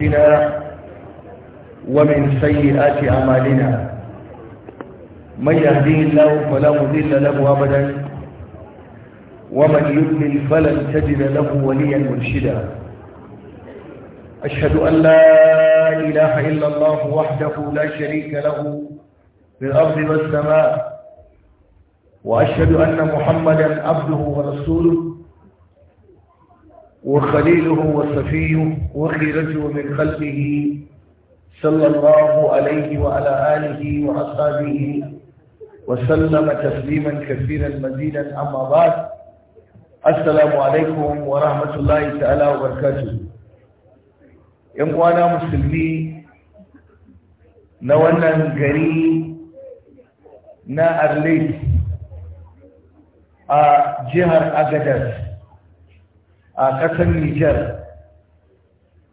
بنا ومن سيئات أعمالنا من يهديه الله فلا مضل له أبدا ومن يؤمن فلن تجد له وليا مرشدا أشهد أن لا إله إلا الله وحده لا شريك له في الأرض والسماء وأشهد أن محمدا عبده ورسوله وخليله وصفيه وخيرته من خلقه صلى الله عليه وعلى آله وأصحابه وسلم تسليما كثيرا مزيدا أما بعد السلام عليكم ورحمة الله تعالى وبركاته يموانا مسلمي نوانا غري نا أرليس a jihar agadas a ƙasar Nijar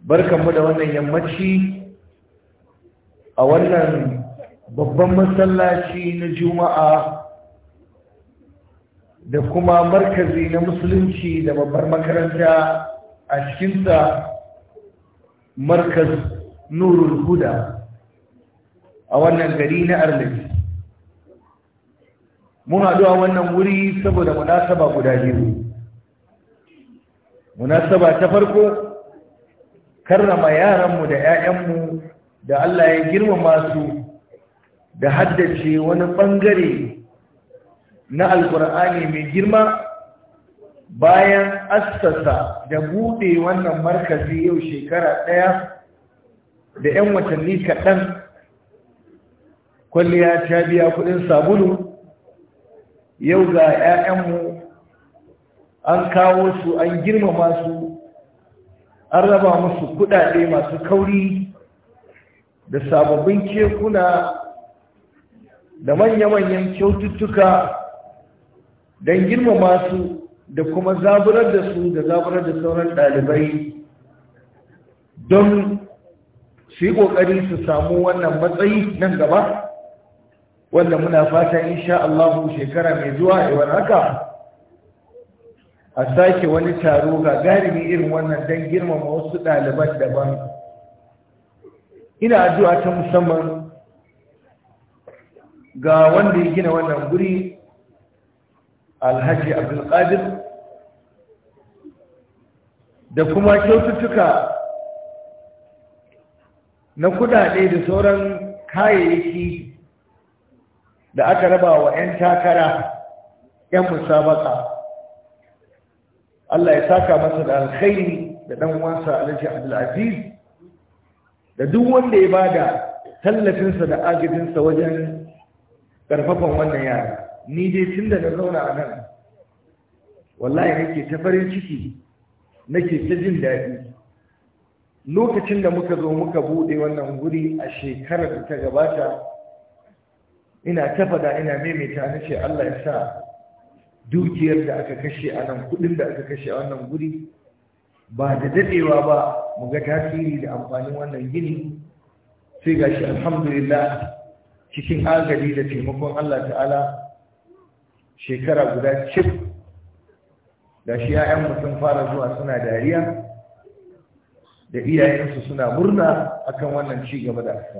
barkanmu da wannan yammaci a wannan babban masallaci na juma'a da kuma markazi na musulunci da babbar makaranta a cikinsa markaz nurul huda a wannan gari na arlaki mun haɗu a wannan wuri saboda munasaba guda biyu munasaba ta farko karrama yaranmu da 'ya'yanmu da Allah ya girmama su da haddace wani ɓangare na alkur'ani mai girma bayan assasa da buɗe wannan markazi yau shekara ɗaya da 'yan watanni kaɗan kwalliya ta biya kuɗin sabulu yau ga 'ya'yanmu an kawo su an girmama su an raba musu kudade masu kauri da sababbin kekuna da manya-manyan kyaututtuka don girmama su da kuma zaburar da su da zaburar da sauran ɗalibai don su yi ƙoƙari su samu wannan matsayi nan gaba wanda muna fata insha Allah shekara mai zuwa wani haka a sake wani taro ga galibi irin wannan don girmama wasu ɗaliban daban ina addu'a ta musamman ga wanda ya gina wannan guri alhaji abdulkadir da kuma kyaututtuka na kudade da sauran kayayyaki da aka raba wa 'yan takara 'yan musabaka Allah ya saka masa da alkhairi da dan uwansa Alhaji Abdul Aziz da duk wanda ya bada tallafinsa da agajinsa wajen karfafan wannan yara ni dai tun da na zauna a nan wallahi nake ta farin ciki nake ta jin daɗi lokacin da muka zo muka buɗe wannan guri a shekarar da ta gabata ina tafada faɗa ina maimaita na ce Allah ya sa dukiyar da aka kashe a nan kudin da aka kashe a wannan guri ba da dadewa ba mu ga tasiri da amfanin wannan gini sai gashi alhamdulillah cikin agaji da taimakon Allah ta'ala shekara guda cif shi ya'yan sun fara zuwa suna dariya da iyayensu suna murna akan wannan ci gaba da aka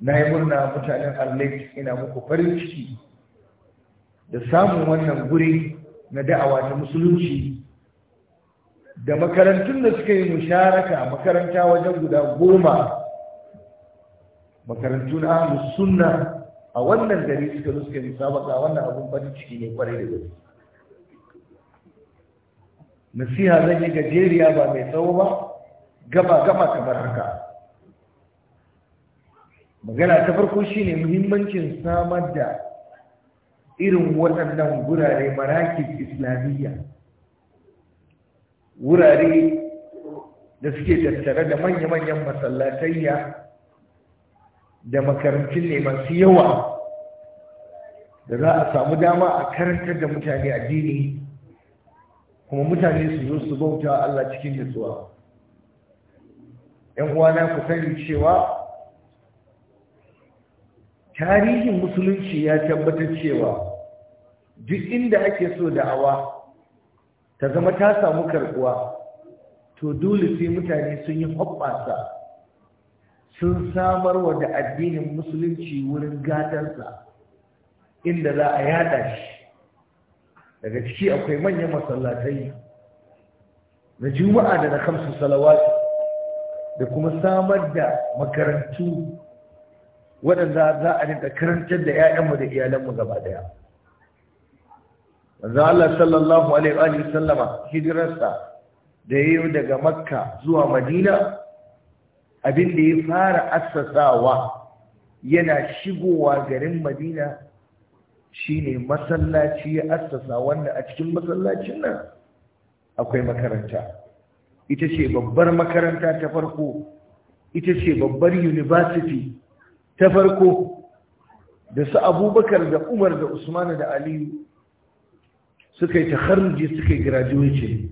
na yi murna mutanen arlet ina muku farin ciki da samun wannan guri na da'awa ta musulunci da makarantun da suka yi musharaka makaranta wajen guda goma makarantu na ahlus a wannan gari suka zo suka yi musabaka wannan abun farin ciki ne kwarai da gari. nasiha zan yi gajeriya ba mai tsawo ba gaba gaba kamar haka magana ta farko shine muhimmancin samar da irin waɗannan gurare marakis islamiyya wurare da suke tattare da manya-manyan masallatayya da makarantun ne masu yawa da za a samu dama a karanta da mutane addini kuma mutane su zo su bauta Allah cikin nutsuwa. ‘Yan uwana ku sani cewa tarihin musulunci ya tabbatar cewa duk inda ake so da'awa ta zama ta samu karbuwa to dole sai mutane sun yi hoɓɓasa sun samar wa da addinin musulunci wurin gatansa inda za a yada shi daga ciki akwai manyan masallatai na juma'a da na kamsu salawatu da kuma samar da makarantu waɗanda za a rinka karantar da 'ya'yanmu da iyalanmu gaba daya manzo Allah sallallahu alaihi wa sallama hijirarsa da yi daga makka zuwa madina abin da ya fara asasawa yana shigowa garin madina shine masallaci ya assasa wanda a cikin masallacin nan akwai makaranta ita ce babbar makaranta ta farko ita ce babbar university ta farko da su abubakar da umar da Usman da aliyu suka yi takharuji suka yi graduation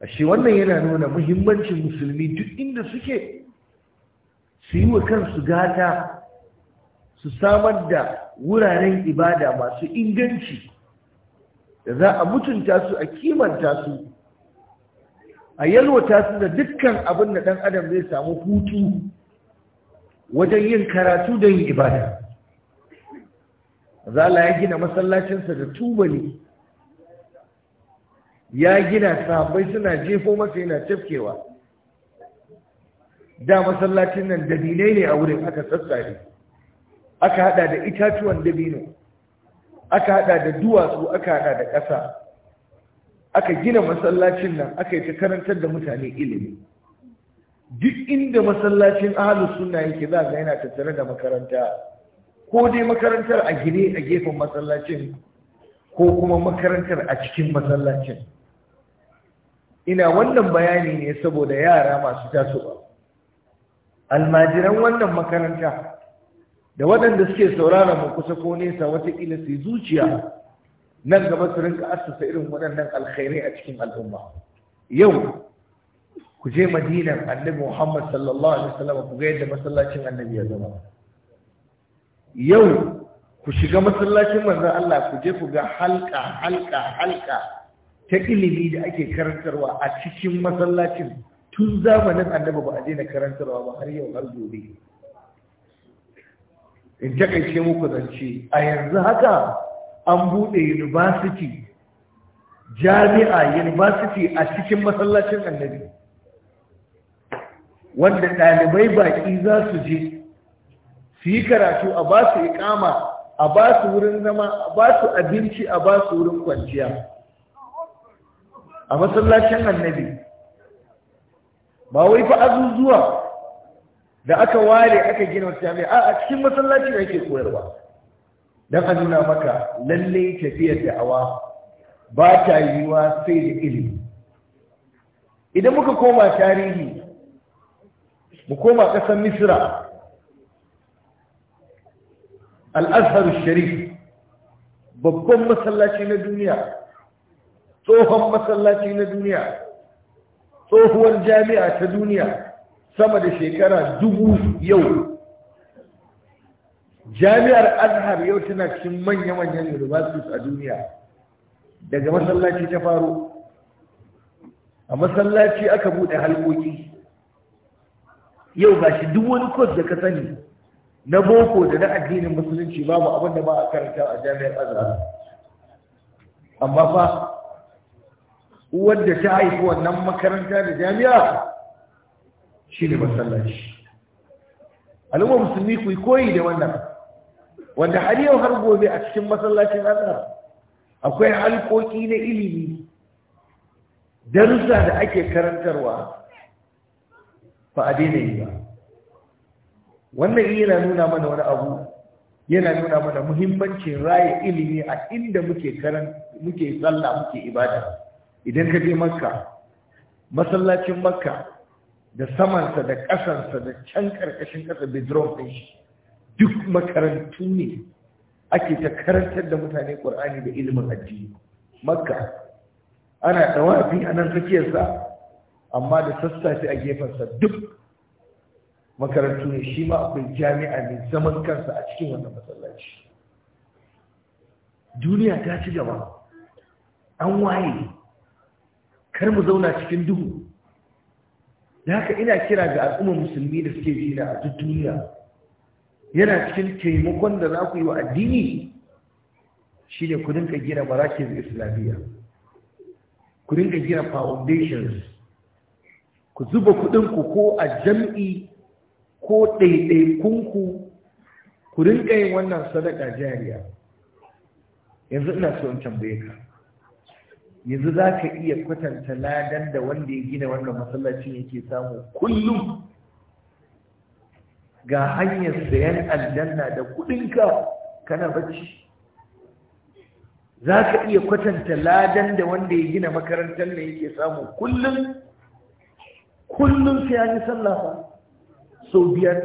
a shi wannan yana nuna muhimmancin musulmi duk inda suke su yi wa kansu gata su samar da wuraren ibada masu inganci da za a mutunta su a kimanta su a yalwata su da dukkan abin da ɗan adam zai samu hutu wajen yin karatu da yin ibada zala ya gina masallacinsa da tubali ya gina sahabbai suna jefo masa yana tafkewa da masallacin nan dabine ne a wurin aka sassare aka hada da itatuwan dabino aka hada da duwatsu aka hada da ƙasa aka gina masallacin nan aka yi ta karantar da mutane ilimi duk inda masallacin ahalus sunna yake za ga yana tattare da makaranta ko dai makarantar a gine a gefen masallacin ko kuma makarantar a cikin masallacin ina wannan bayani ne saboda yara masu tasowa almajiran wannan makaranta da waɗanda suke saurara mu kusa ko nesa wataƙila su zuciya nan gaba su rinka assasa irin waɗannan alkhairai a cikin al'umma yau ku je madinan annabi muhammad sallallahu alaihi wasallam ku ga yadda masallacin annabi ya zama yau ku shiga masallacin manzan Allah ku je ku ga halka halka halka ta ilimi da ake karantarwa a cikin masallacin tun zamanin annabi ba a daina karantarwa ba har yau har gobe in takaice muku zance a yanzu haka an buɗe university jami'a university a cikin masallacin annabi wanda ɗalibai baƙi za su je su yi karatu a ba su ikama a ba su wurin zama a ba su abinci a ba su wurin kwanciya a masallacin annabi ba wai fa azuzuwa da aka ware aka gina wata jami'a a cikin masallaci ake koyarwa don a nuna maka lalle tafiyar da'awa ba ta yiwuwa sai da ilimi idan muka koma tarihi mu koma ƙasar misira al'azhar sharif babban masallaci na duniya tsohon masallaci na duniya tsohuwar jami'a ta duniya sama da shekara dubu yau jami'ar azhar yau tana cikin manya-manyan universities a duniya daga masallaci ta faro a masallaci aka bude halkoki yau ba shi duk wani kwas da ka sani na boko da na addinin musulunci babu abin da ba a karanta a jami'ar azhar amma fa wanda ta haifi wannan makaranta da jami'a shi ne masallaci al'umma musulmi ku yi koyi da wannan wanda har yau har gobe a cikin masallacin azhar akwai halkoki na ilimi darussa da ake karantarwa ba a daina yi ba wannan yana nuna mana wani abu yana nuna mana muhimmancin raya ilimi a inda muke karan muke sallah muke ibada idan ka je makka masallacin makka da samansa da ƙasansa da can ƙarƙashin ƙasa bidron ɗin shi duk makarantu ne ake ta karantar da mutane ƙur'ani da ilimin addini makka ana tsawafi a nan tsakiyarsa amma da sassafe a gefensa duk makarantu ne shi ma akwai jami'a mai zaman kansa a cikin wannan masallaci duniya ta ci gaba an waye kar mu zauna cikin duhu da haka ina kira ga al'ummar musulmi da suke jina a duk duniya yana cikin taimakon da za ku yi wa addini shi ne ku ka gina marakin islamiyya ku ka gina foundations ku zuba kuɗinku ko a jam'i ko ɗaiɗaikunku ku rinƙa yin wannan sadaka jariya yanzu ina so in tambaye ka yanzu za ka iya kwatanta ladan da wanda ya gina wannan masallacin yake samu kullum ga hanyar sayan aljanna da kuɗinka kana bacci za ka iya kwatanta ladan da wanda ya gina makarantar da yake samu kullum kullum sai ya yi sallah sau biyar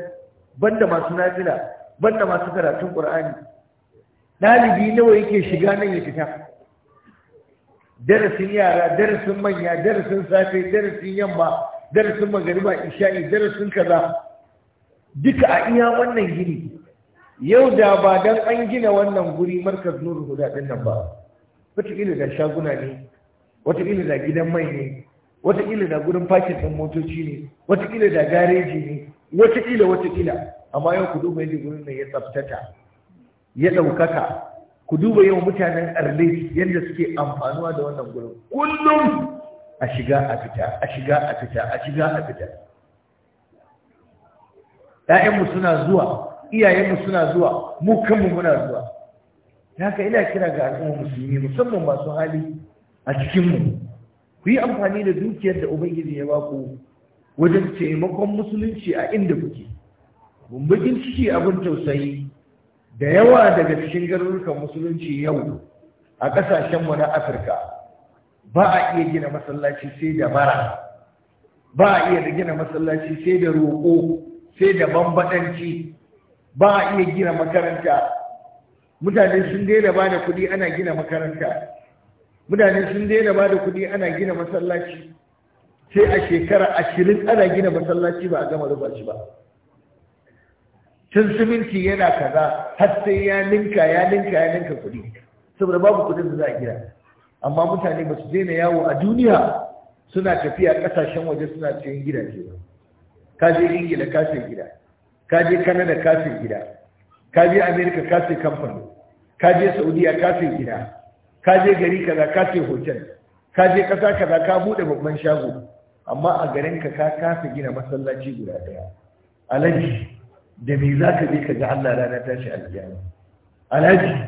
banda masu nafila banda masu karatun ƙur'ani ɗalibi nawa yake shiga nan ya fita darasin yara darasin manya darasin safe darasin yamma darasin magariba isha'i darasin kaza duka a iya wannan gini yau da ba don an gina wannan guri markaz nuru guda ɗin nan ba wataƙila da shaguna ne wataƙila da gidan mai ne wataƙila da gurin fashin ɗin motoci ne wataƙila da gareji ne watakila watakila amma yau ku duba yadda gurin nan ya tsaftata ya ɗaukaka ku duba yau mutanen arle yadda suke amfanuwa da wannan gurin kullum a shiga a fita a shiga a fita a shiga a fita ‘ya'yanmu suna zuwa iyayenmu suna zuwa mu kanmu muna zuwa haka ina kira ga al'umma musulmi musamman masu hali a cikinmu ku yi amfani da dukiyar da ubangiji ya ba ku wajen taimakon musulunci a inda kuke bambakin ciki abin tausayi da yawa daga cikin garurukan musulunci yau a ƙasashenmu na afirka ba a iya gina masallaci sai da bara ba a iya gina masallaci sai da roƙo sai da bambadanci, ba a iya gina makaranta mutane sun daina ba da kuɗi ana gina makaranta mutane sun daina ba da kuɗi ana gina masallaci sai a shekara ashirin ana gina masallaci ba a gama rufa shi ba tun siminti yana kaza har sai ya ninka ya ninka ya ninka kuɗi saboda babu kuɗin da za a gina amma mutane ba su daina yawo a duniya suna tafiya ƙasashen waje suna cikin gidaje ba ka je ingila ka sai gida ka je kanada ka sai gida ka je amerika ka sai kamfani ka je saudiya ka sai gida ka je gari kaza ka sai hotel ka je ƙasa kaza ka buɗe babban shago amma a garin ka ka kasa gina masallaci guda daya alaji da me za ka je ka ga Allah rana tashi alƙiyama alaji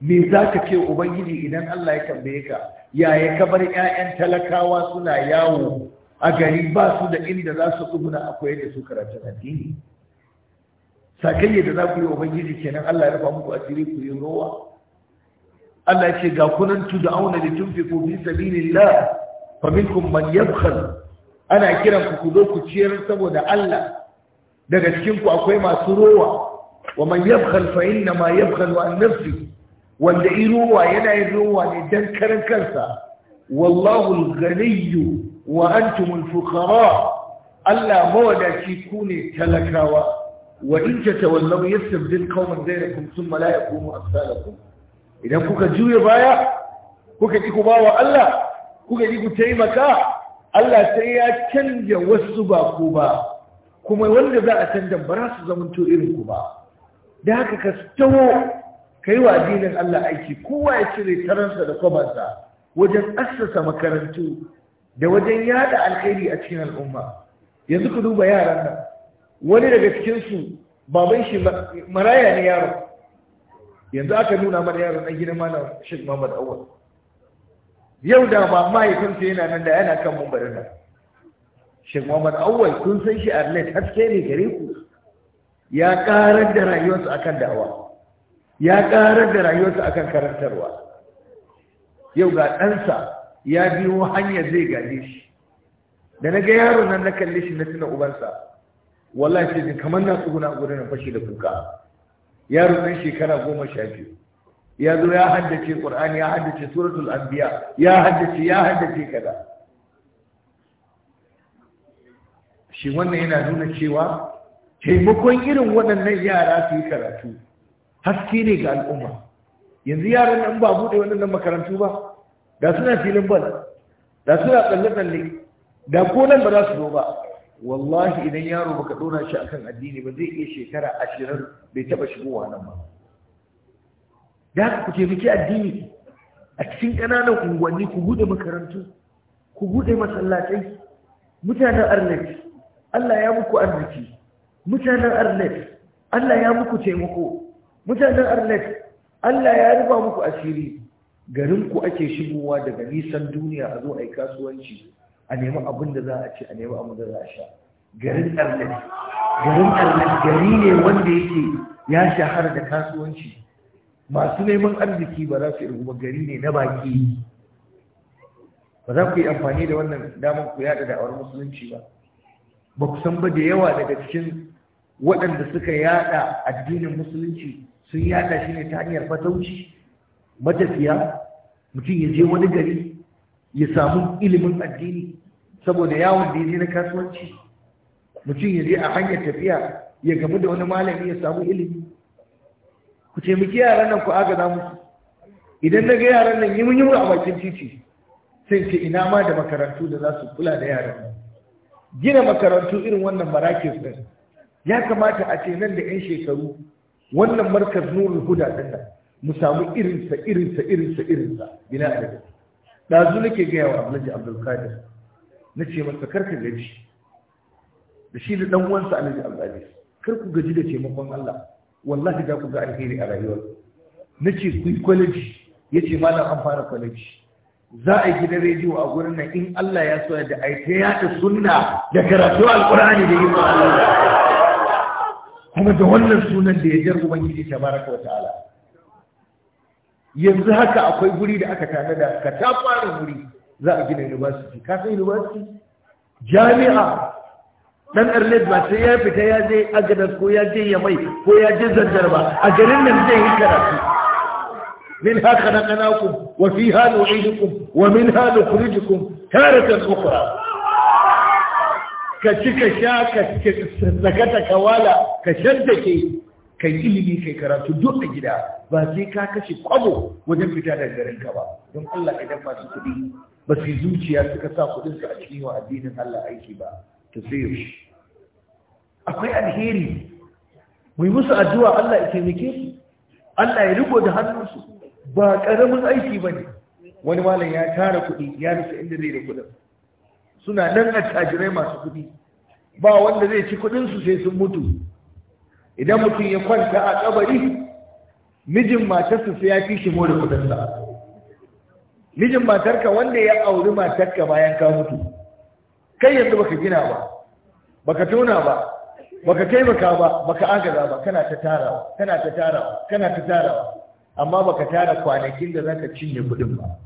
me za ka ce ubangiji idan Allah ya tambaye ka yaya ka bar ƴaƴan talakawa suna yawo a gari ba su da inda za su tsuguna a koyar da su karanta addini sakayya da za ku yi ubangiji kenan Allah ya rufa muku asiri ku yi rowa Allah ce ga kunan tud'auna litunfiqu fi sabilillah faminkum man yabkhal ana kiran ku ku zo ku ciyar saboda Allah daga cikin ku akwai masu rowa wa man yabkhal fa inna ma yabkhalu an nafsi wanda iruwa yana yin rowa ne dan karan kansa wallahu al-ghaniyyu wa antum al-fuqara Allah mawadaci ku ne talakawa wa in tatawallaw yastabdil qauman ghayrakum thumma la yakunu amsalakum idan kuka juye baya kuka ji ku bawa Allah kuka ji ku taimaka Allah sai ya canja wasu ba ku ba kuma wanda za a canja ba za su zamanto irin ku ba da haka ka tawo ka yi wa addinin Allah aiki kowa ya cire taransa da kwabansa wajen assasa makarantu da wajen yada alkhairi a cikin al'umma yanzu ku duba yaran nan wani daga cikinsu baban shi maraya ne yaro yanzu aka nuna mana yaron ɗan gidan malam shi Muhammad Awwal yau da ba mahaifinsa yana nan da yana kan mumbarin nan Sheikh Muhammad Awwal kun san shi a haske ne gare ku ya karar da rayuwarsa akan da'awa ya karar da rayuwarsa akan karantarwa yau ga ɗansa ya biyo hanyar zai gaje shi da na ga yaro nan na kalle shi na tuna ubansa wallahi shi kamar na tsuguna a fashi da kuka yaro ɗan shekara goma sha biyu ya zo ya haddace qur'ani ya haddace suratul anbiya ya haddace ya haddace kada shi wannan yana nuna cewa taimakon irin waɗannan yara su yi karatu haske ne ga al'umma yanzu yaran nan ba buɗe waɗannan makarantu ba da suna filin bal da suna tsalle-tsalle da ko nan ba za su zo ba wallahi idan yaro baka ɗora shi akan addini ba zai iya shekara ashirin bai taɓa shigowa nan ba da haka ku taimaki addini a cikin ƙananan unguwanni ku buɗe makarantu ku buɗe masallatai mutanen arnet Allah ya muku arziki mutanen arnet Allah ya muku taimako mutanen arnet Allah ya ruba muku asiri Garin ku ake shigowa daga nisan duniya a zo a yi kasuwanci a nemi abin da za a ci a nemi abin da za a sha garin arnet garin arnet gari ne wanda yake ya shahara da kasuwanci masu neman arziki ba za su irgu gari ne na baki ba za ku yi amfani da wannan damar ku yada da'awar musulunci ba ba ku san ba da yawa daga cikin waɗanda suka yada addinin musulunci sun yada shi ne ta hanyar fatauci matafiya mutum ya je wani gari ya samu ilimin addini saboda yawon da ya je na kasuwanci mutum ya je a hanyar tafiya ya gamu da wani malami ya samu ilimi ku taimaki yaran nan ku agaza musu idan na ga yaran nan yi mun a bakin titi sai ce ina ma da makarantu da za su kula da yaran nan gina makarantu irin wannan marakis din ya kamata a ce nan da yan shekaru wannan markar nurul huda din nan mu samu irinsa irinsa irinsa irinsa bina adadin ɗazu nake gaya wa abdullahi abdulkadir na ce masa karka gaji da shi da ɗan uwansa alhaji abdullahi kar ku gaji da taimakon allah wallahi za ku ga alheri a rayuwar na ce ku yi kwaleji ya ce malam an fara kwaleji. za a yi gidan rediyo a gurin nan in Allah ya soya da aita yaɗa sunna da karatu alkur'ani da yi kuma da wannan sunan da ya jar ubangiji tabaraka wa ta'ala yanzu haka akwai guri da aka tanada ka ta fara guri za a gina university ka san university jami'a dan arlet ba sai ya fita ya je agadas ko ya je yamai ko ya je zanjar ba a garin nan zai yi karatu min haka na kanakum wa fi halu idukum wa min halu kurijukum taratan ukhra ka ci ka sha ka zakata ka wala ka shaddake ka yi ilimi kai karatu duk a gida ba sai ka kashe kwabo wajen fita daga garin ka ba don Allah idan masu kuɗi ba su zuciya suka sa kuɗinsu a cikin wa addinin Allah aiki ba to sai yaushe akwai alheri mu yi musu addu'a Allah ya taimake su Allah ya riko da hannunsu ba ƙaramin aiki ba ne wani malam ya tara kuɗi ya nufi inda zai da kuɗin suna nan attajirai masu kuɗi ba wanda zai ci kuɗinsu sai sun mutu idan mutum ya kwanta a kabari mijin matarsa sai ya fi shi more kuɗinsa mijin matarka wanda ya auri matarka bayan ka mutu kai yanzu baka gina ba baka tona ba baka taimaka ba baka agaza ba kana ta tarawa kana ta tarawa kana ta tarawa amma baka tara kwanakin da zaka cinye kuɗin ba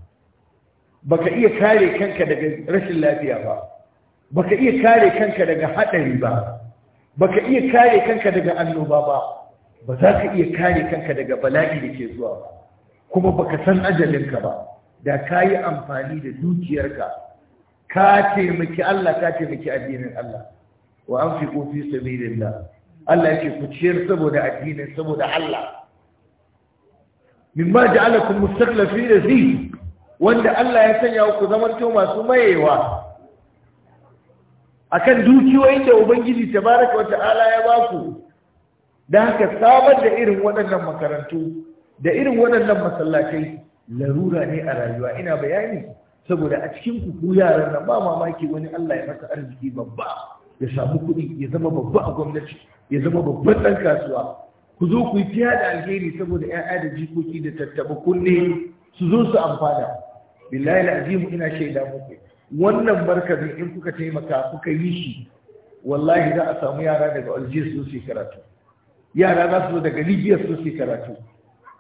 baka iya kare kanka daga rashin lafiya ba baka iya kare kanka daga haɗari ba baka iya kare kanka daga annoba ba ba za ka iya kare kanka daga bala'i da ke zuwa ba kuma baka san ajalinka ba da ka yi amfani da dukiyarka ka taimaki Allah ka taimaki addinin Allah wa anfiqu fi sabilillah Allah yake ku ciyar saboda addinin saboda Allah mimma ja'alakum da fi wanda Allah ya sanya ku zamanto masu mayewa akan dukiyoyin da Ubangiji baraka wata ala ya baku da haka samar da irin waɗannan makarantu da irin waɗannan masallatai larura ne a rayuwa ina bayani saboda a cikin ku yaran nan ba mamaki wani Allah ya masa arziki babba ya samu kuɗi ya zama babba a gwamnati ya zama babban ɗan kasuwa ku zo ku yi fiya da alheri saboda 'ya'ya da jikoki da tattaɓa kunne su zo su amfana billahi al'azimu ina shaida muku wannan markazin in kuka taimaka kuka yi shi wallahi za a samu yara daga aljiya su su karatu yara za su zo daga libya su karatu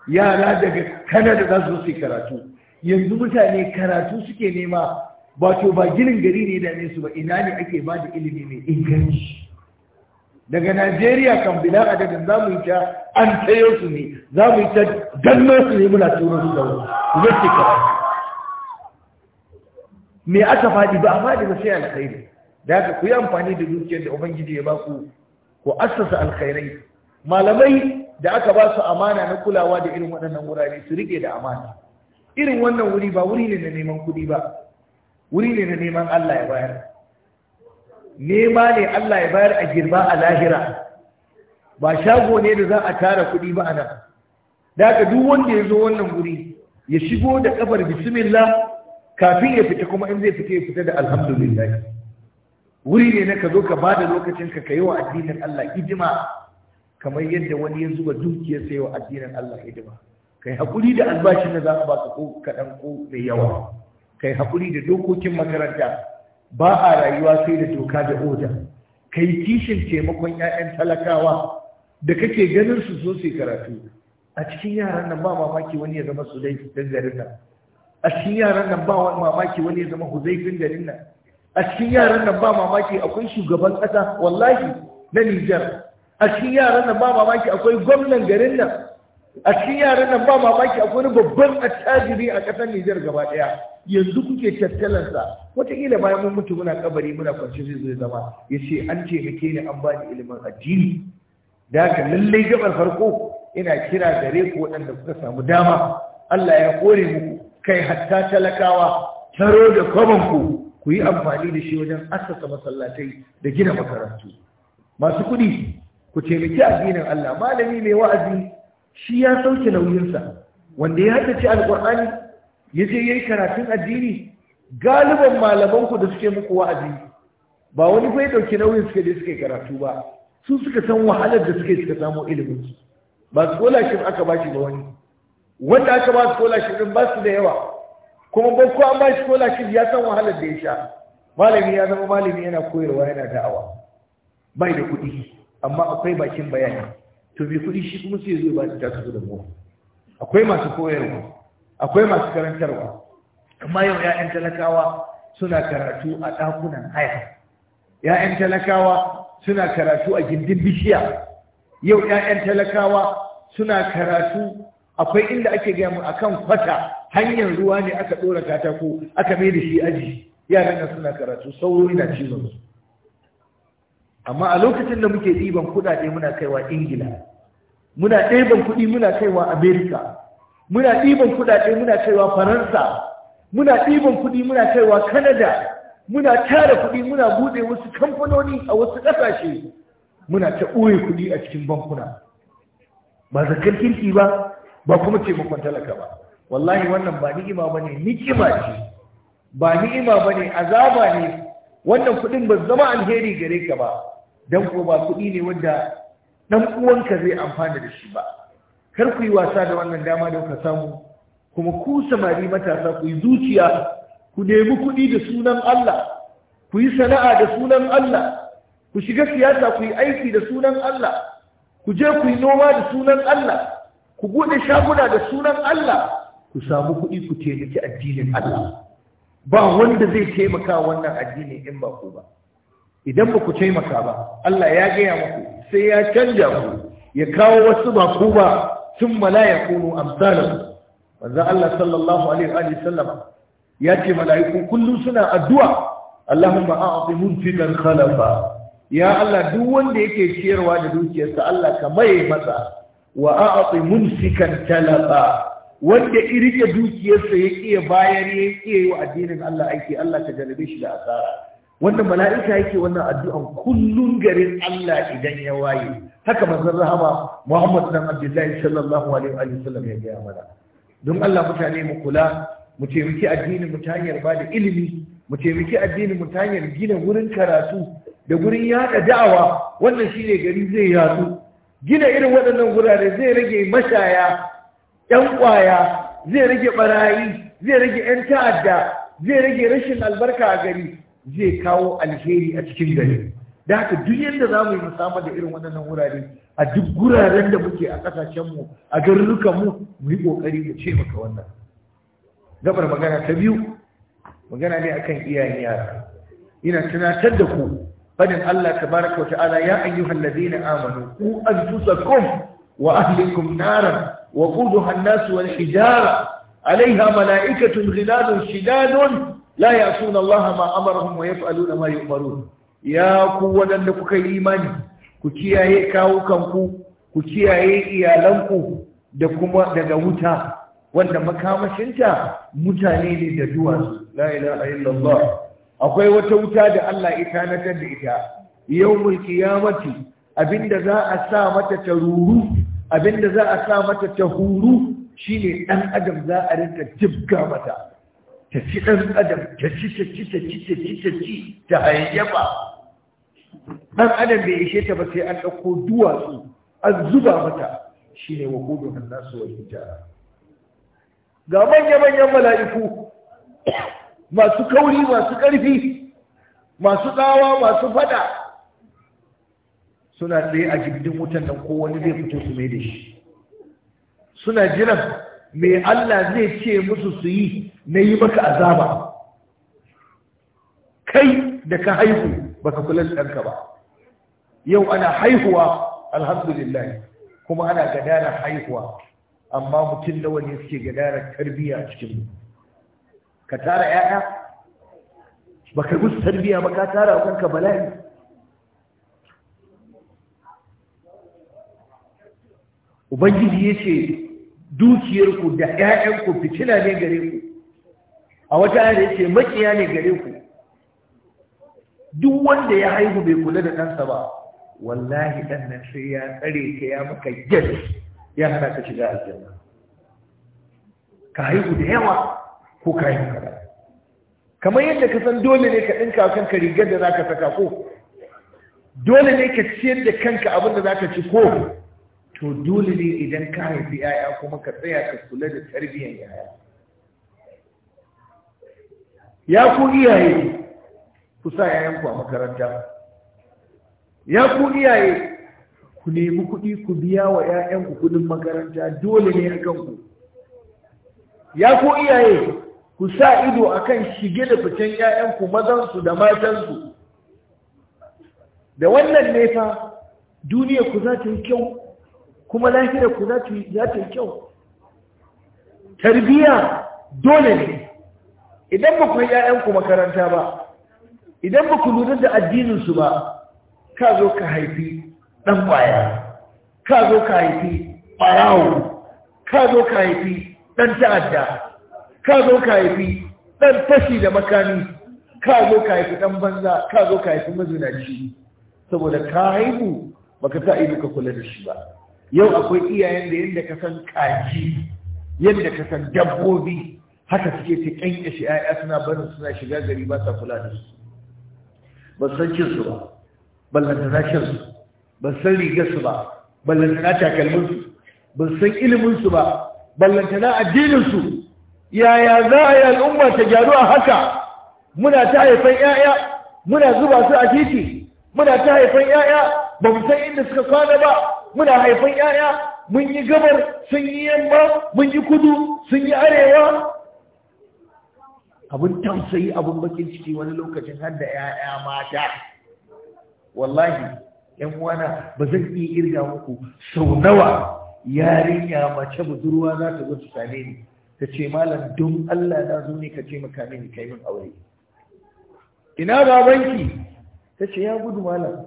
yara daga canada za su zo su karatu yanzu mutane karatu suke nema wato ba ginin gari ne dame su ba ina ne ake ba da ilimi mai inganci daga najeriya kan bila a daga za mu yi ta an tsayo su ne za mu yi ta su ne muna turo su da wani karatu me aka faɗi ba a faɗi ba sai alkhairi da haka ku amfani da dukiyar da ubangiji ya ba ku ku assasa alkhairai malamai da aka ba su amana na kulawa da irin waɗannan wurare su riƙe da amana irin wannan wuri ba wuri ne na neman kuɗi ba wuri ne na neman Allah ya bayar nema ne Allah ya bayar a girma a lahira ba shago ne da za a tara kuɗi ba nan da duk wanda ya zo wannan wuri ya shigo da kafar bismillah kafin ya fita kuma in zai fita ya fita da alhamdulillah wuri ne na ka zo ka ba da lokacinka ka yi wa addinin Allah hidima kamar yadda wani ya zuba dukiyar sai wa addinin Allah hidima kai hakuri da albashin da za ka baka ko kaɗan ko mai yawa kai haƙuri da dokokin makaranta ba a rayuwa sai da doka da oda kai kishin taimakon 'ya'yan talakawa da kake ganin su so sai karatu a cikin yaran nan ba mamaki wani ya zama su sudaifin garin nan a cikin yaran nan ba mamaki wani ya zama zaifin garin nan a cikin yaran nan ba mamaki akwai shugaban ƙasa wallahi na Nijar a cikin yaran nan ba mamaki akwai gwamnan garin nan a cikin yaran nan ba mamaki akwai wani babban attajiri a ƙasar Nijar gaba ɗaya yanzu kuke tattalansa wataƙila bayan mun mutu muna kabari muna kwanci zai zai zama ya ce an taimake ni an bani ilimin addini da haka lallai gabar farko ina kira gare ku waɗanda kuka samu dama Allah ya kore muku kai hatta talakawa taro da kwaban ku ku yi amfani da shi wajen assasa masallatai da gina makarantu masu kuɗi ku taimaki addinin Allah malami mai wa'azi shi ya sauke nauyinsa wanda ya ce alkur'ani ya je ya yi karatun addini galiban malamanku da suke muku wa'azi ba wani bai ɗauki nauyin suka da suka karatu ba su suka san wahalar da suke suka samo su ba shi aka ba shi ba wani wanda aka ba shi ɗin ba su da yawa kuma ba ko an ba shi shi ya san wahalar da ya sha malami ya zama malami yana koyarwa yana da'awa bai da kuɗi amma akwai bakin bayani to bi kuɗi shi kuma sai zai ba shi ta kasu da mu akwai masu koyarwa akwai masu karantarwa amma yau ya'yan talakawa suna karatu a ɗakunan haya ya'yan talakawa suna karatu a gindin bishiya yau ya'yan talakawa suna karatu akwai inda ake gaya mu akan kwata hanyar ruwa ne aka ɗora katako aka mai da shi aji yaran nan suna karatu sauro na cizon su amma a lokacin da muke ɗiban kuɗaɗe muna kaiwa ingila muna ɗiban kuɗi muna kaiwa amerika muna ɗiban kuɗaɗe muna kaiwa faransa muna ɗiban kuɗi muna kaiwa kanada muna tara kuɗi muna buɗe wasu kamfanoni a wasu ƙasashe muna ta ɓoye kuɗi a cikin bankuna ba zakar kirki ba ba kuma taimakon talaka ba wallahi wannan ba ni'ima ba ne ni'ima ce ba ni'ima ba ne azaba ne wannan kuɗin ba zama alheri gare ka ba don ko ba kuɗi ne wanda dan uwanka zai amfana da shi ba kar ku yi wasa da wannan dama da kuka samu kuma ku samari matasa ku yi zuciya ku nemi kuɗi da sunan Allah ku yi sana'a da sunan Allah ku shiga siyasa ku yi aiki da sunan Allah ku je ku yi noma da sunan Allah ku buɗe shaguna da sunan Allah ku samu kuɗi ku taimaki addinin Allah ba wanda zai taimaka wannan addini in ba ku ba idan ba ku taimaka ba Allah ya gaya muku sai ya canja ku ya kawo wasu ba ku ba sun malaya kunu amsalan Wanzan Allah sallallahu alaihi wa sallam ya ce mala'iku kullum suna addu'a Allahumma a'ti munfiqan khalafa ya Allah duk wanda yake ciyarwa da dukiyarsa Allah ka maye matsa. wa a'ti mumsikan talaqa wanda irike dukiyarsa ya kiye bayar ya kiye wa addinin Allah aiki Allah ka jarabe shi da asara wannan mala'ika yake wannan addu'an kullun garin Allah idan ya waye haka manzon rahama Muhammad dan Abdullahi sallallahu alaihi wa sallam ya gaya mana don Allah mutane mu kula mu taimaki addinin mu ta hanyar ba da ilimi mu taimaki addinin mu ta hanyar gina wurin karatu da gurin yada da'awa wannan shine gari zai yatsu gina irin waɗannan gurare zai rage mashaya ƴan ƙwaya zai rage barayi zai rage ƴan ta'adda zai rage rashin albarka a gari zai kawo alheri a cikin gari da haka duk yadda za mu yi musamman da irin waɗannan wurare a duk guraren da muke a ƙasashenmu a garurukanmu mu yi ƙoƙari mu ce maka wannan gabar magana ta biyu magana ne akan iyayen yara ina tunatar da ku fadin Allah tabaraka wa ta'ala ya ayyuhal ladina amanu ku anfusakum wa ahlikum naran wa quduha an-nas wal hijara alaiha mala'ikatun ghiladun shidadun la ya'suna Allah ma amarahum wa yaf'aluna ma yu'marun ya ku wadanda kuka yi imani ku kiyaye kawukan ku Ku kiyaye iyalanku da kuma daga wuta wanda makamashinta mutane ne da duwatsu la ilaha illallah akwai wata wuta da Allah ya tanatar da ita yawmul qiyamati abinda za a sa mata taruru, ruru abinda za a sa mata ta huru shine dan adam za a rinka jibga mata ta ɗan adam ta ci ta ci ta ci ta ci ta ci ta hayayyaba ɗan adam bai ishe ta ba sai an ɗauko duwatsu an zuba mata shi ne wa hudu nasu wa hijara ga manya-manyan mala'iku masu kauri masu ƙarfi masu tsawa masu fada suna ɗaya a jirgin wutan nan ko wani zai fito su mai da shi suna jiran me Allah zai ce musu su yi na yi maka azaba kai da ka haihu baka kula da ɗanka ba yau ana haihuwa alhamdulillah kuma ana gadara haihuwa amma mutum da wani suke gadara tarbiyya a cikin ka tara 'ya'ya Ba ka gusa tarbiyya ba ka tara a kanka bala'i ubangiji ya ce dukiyarku da ‘ya'yanku fitina ne gare ku a wata ya yake makiya ne gare ku duk wanda ya haihu bai kula da ɗansa ba wallahi ɗan nan sai ya tsare ka ya maka gyara ya hana ka shiga aljanna ka haihu da yawa ko ka haihu kaɗan kamar yadda ka san dole ne ka ɗinka kanka rigar da za ka saka ko dole ne ka ciyar da kanka abin da za ka ci ko to dole ne idan ka haifi yaya kuma ka tsaya ka kula da tarbiyyar yaya ya ku iyaye ku sa yayanku a makaranta ya ku iyaye ku nemi kuɗi ku biya wa 'ya'yanku kuɗin makaranta dole ne a ku. ya ku iyaye ku sa ido akan shige da fitan 'ya'yanku mazansu da matansu da wannan ne fa duniya ku za ta yi kyau kuma lafiyar ku za ta yi kyau tarbiya dole ne idan ba ku yi ‘ya'yanku makaranta ba idan ba ku lura da addininsu ba ka zo ka haifi ɗan ƙwaya ka zo ka haifi ɓarawo ka zo ka haifi ɗan ta'adda ka zo ka haifi ɗan fashi da makani, ka zo ka haifi ɗan banza ka zo ka haifi mazinaci saboda ka haihu baka sa ido ka kula da shi ba yau akwai iyayen da yadda ka san kaji yadda ka san dabbobi haka suke ta kyankyashe ‘ya'ya suna barin suna shiga gari ba sa kula da su ba san cin su ba ballantana shan su ba san rigar su ba ballantana takalmin su ba san ilimin su ba ballantana addinin su yaya za a yi al'umma ta gyaru a haka muna ta haifan ‘ya'ya muna zuba su a titi muna ta haifan ‘ya'ya ba mu san inda suka kwana ba muna haifan yaya mun yi gabar sun yi yamma mun yi kudu sun yi arewa abin tausayi abin bakin ciki wani lokacin har da yaya mata wallahi yan uwana ba zan iya irga muku sau nawa yarinya mace budurwa za ta zo ta same ni ta ce malam don Allah na zo ne ka ce maka ka yi min aure ina babanki ta ce ya gudu malam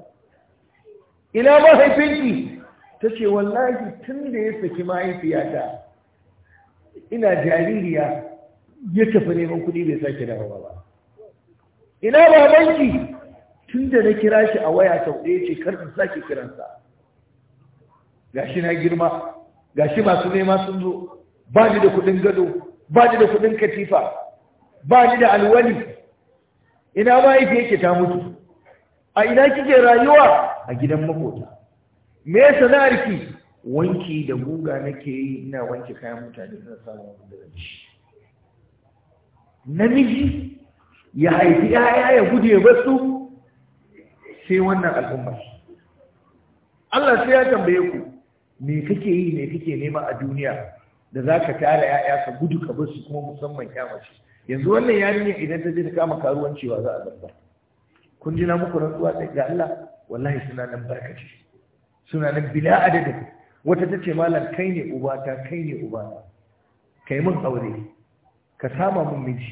ina mahaifinki ta ce wallahi tun da ya saki mahaifiyata ina jaririya ya tafi neman kuɗi bai sake dawowa ba ina banki tun da na kira shi a waya sau ɗaya ce karfin sake kiransa gashi na girma gashi masu nema sun zo ba ni da kuɗin gado ba ni da kuɗin katifa ba ni da alwali ina mahaifi yake ta mutu a ina kike rayuwa a gidan makota me sana'arki wanki da guga nake yi ina wanke kayan mutane na samun da zanci namiji ya haifi yaya ya gude basu sai wannan al'ummar Allah sai ya tambaye ku me kake yi me kake nema a duniya da za ka tara ya'ya ka gudu ka su kuma musamman ya mace? yanzu wannan yarinya idan ta je ta kama wa za a zarta kun ji na muku rantsuwa ga Allah wallahi suna nan barkaci suna nan bila adadin wata ta ce malar kai ne ubata kai ne Ka kai mun aure ka sama mun miji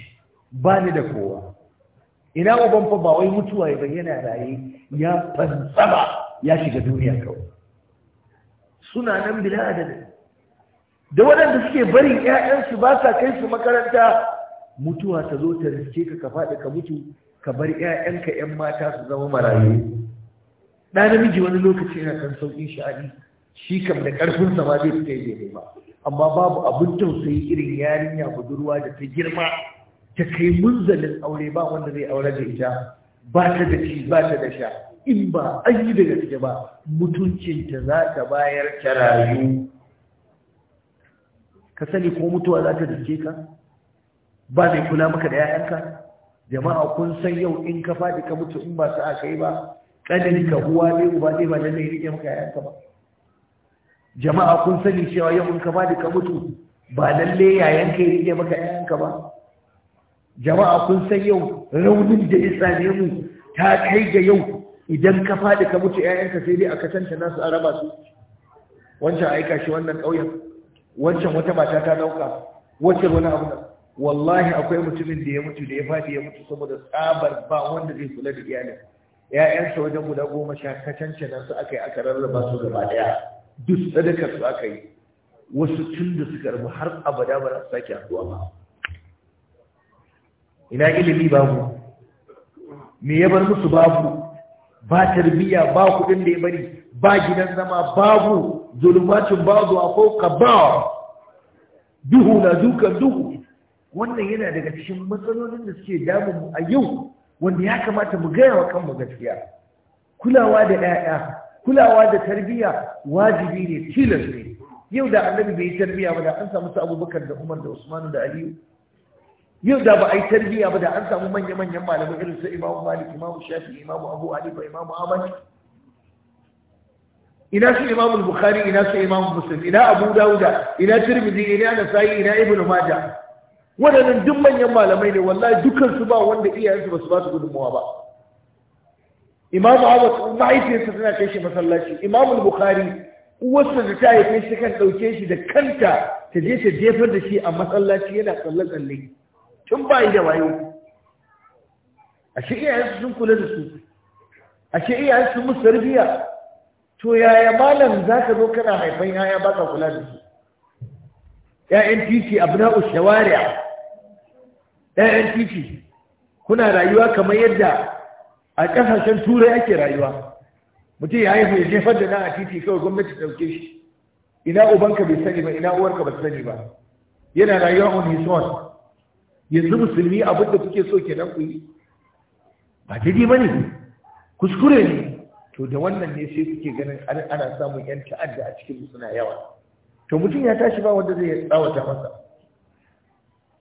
ba ni da kowa ina uban fa ba wai mutuwa ya bayyana raye ya fansaba ya shiga duniya kawai suna nan bila adadin da waɗanda suke barin 'ya'yansu ba sa kai su makaranta mutuwa ta zo ta riske ka ka faɗi ka mutu ka bar 'ya'yanka 'yan mata su zama marayu ɗa namiji wani lokaci yana kan sauƙin sha'ani shi kam da ƙarfinsa ba zai fita yi ba amma babu abin tausayi irin yarinya budurwa da ta girma ta kai munzalin aure ba wanda zai aure da ita ba ta da ci ba ta da sha in ba an yi da gaske ba mutuncinta za ta bayar ta rayu ka sani ko mutuwa za ta dace ka ba zai kula maka da 'ya'yanka jama'a kun san yau in ka faɗi ka mutu in ba su aka yi ba kadari ka huwa ne ba ne ba da zai rike maka yayanka ba jama'a kun sani cewa yau in ka ba da ka mutu ba lalle yayanka ya rike maka yayanka ba jama'a kun san yau raunin da ya same mu ta kai ga yau idan ka faɗi ka mutu yayanka sai dai a kasance nasu a raba su wancan aika shi wannan ƙauyen wancan wata mata ta ɗauka wancan wani abu wallahi akwai mutumin da ya mutu da ya faɗi ya mutu saboda tsabar ba wanda zai kula da iyalin ‘ya'yansa wajen guda goma sha kacancanan su aka yi aka rarraba su gaba ɗaya duk sadaka su aka yi wasu tun da suka rabu har abada ba za su sake haduwa ba ina ilimi babu me ya bar musu babu ba tarbiyya ba kuɗin da ya bari ba gidan zama babu zulumacin babu a fauka ba duhu na dukan duhu wannan yana daga cikin matsalolin da suke damun mu a yau wanda ya kamata mu gaya wa kanmu gaskiya kulawa da 'ya'ya kulawa da tarbiyya wajibi ne tilas ne yau da annabi bai yi tarbiyya ba da an samu su abubakar da umar da usman da aliyu yau da ba a yi tarbiyya ba da an samu manya-manyan malamai irin su imamu malik imamu shafi imamu abu hanifa imamu ahmad ina su imamu bukhari ina su imamu muslim ina abu dawuda ina tirmidhi ina nasa'i ina ibnu maja waɗannan duk manyan malamai ne wallahi dukansu ba wanda iyayensu ba su ba su gudunmawa ba imamu abu mahaifiyarsa tana kai shi masallaci imamu bukhari uwarsa da ta haife shi kan ɗauke shi da kanta ta je ta jefar da shi a masallaci yana tsalle-tsalle tun ba da wayo ashe iyayensu sun kula da su ashe iyayensu sun musu tarbiyya to yaya malam za ka zo kana haifan yaya ba ka kula da su ‘ya'yan titi abu na shawari'a ƴaƴan titi kuna rayuwa kamar yadda a ƙasashen turai ake rayuwa mutum ya haifu ya jefar da na a titi kawai gwamnati ɗauke shi ina ubanka bai sani ba ina uwarka ba sani ba yana rayuwa on his own yanzu musulmi abin da kuke so kenan nan kuyi ba daidai ba ne kuskure ne to da wannan ne sai kuke ganin ana samun yan ta'adda a cikin suna yawa to mutum ya tashi ba wanda zai tsawata masa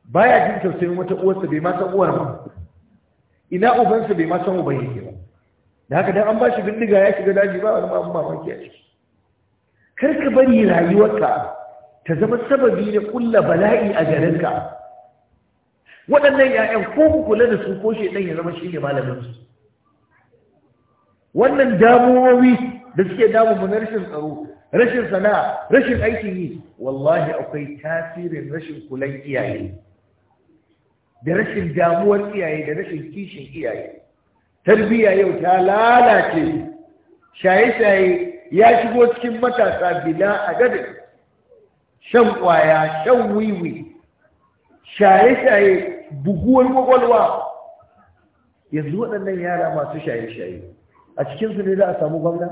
baya jin tausayin wata uwarsa bai ma san uwar ba ina ubansa bai ma san uban ba da haka dan an ba shi bindiga ya shiga daji ba wani mamu mamaki a ciki kar ka bari rayuwarka ta zama sababi na kulla bala'i a garinka waɗannan ‘ya'yan ko ku kula da su ko shaidan ya zama shi ne malaminsu wannan damuwowi da suke damu na rashin tsaro rashin sana'a rashin aikin yi wallahi akwai tasirin rashin kulan iyaye da rashin damuwar iyaye da rashin kishin iyaye tarbiyya yau ta lalace shaye-shaye ya shigo cikin matasa bila a gadin shan kwaya shan wiwi shaye-shaye buguwar kwakwalwa yanzu waɗannan yara masu shaye-shaye a cikinsu ne za a samu gwamna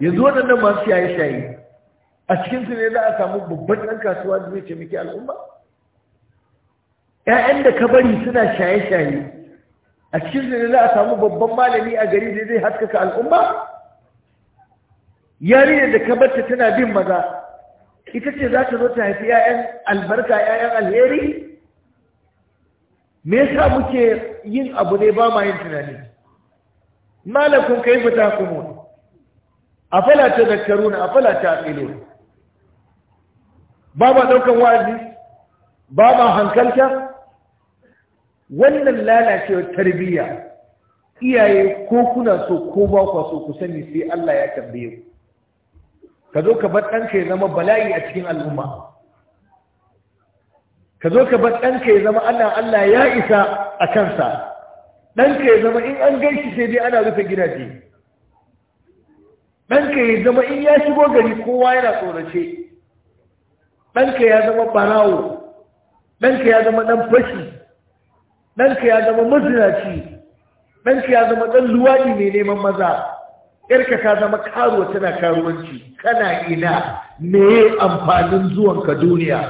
yanzu waɗannan masu shaye-shaye a cikinsu ne za a samu babban ɗan kasuwa da zai ce muke al'umma Ya'yan da ka bari suna shaye-shaye a cikin da za a samu babban malami a gari da zai haskaka al'umma yarinyar da ka barta tana bin maza ita ce za ta zo ta haifi 'ya'yan albarka 'ya'yan alheri me yasa muke yin abu ne ba ma yin tunani malakun falata da karuna a falata taqilun ba ma daukan wa'azi ba ma hankalta wannan lalacewar tarbiyya iyaye ko kuna so ko ba kwa so ku sani sai Allah ya tambaye ku ka zo ka bar ɗanka ya zama bala'i a cikin al'umma ka zo ka bar ɗanka ya zama Allah Allah ya isa a kansa ɗanka ya zama in an gaishe sai dai ana rufe gidaje ɗanka ya zama in ya shigo gari kowa yana tsorace ɗanka ya zama barawo ɗanka ya zama ɗan fashi ɗanka ya zama mazinaci ɗanka ya zama ɗan luwaɗi mai neman maza yarka ta zama karuwa tana karuwanci kana ina meye amfanin zuwanka duniya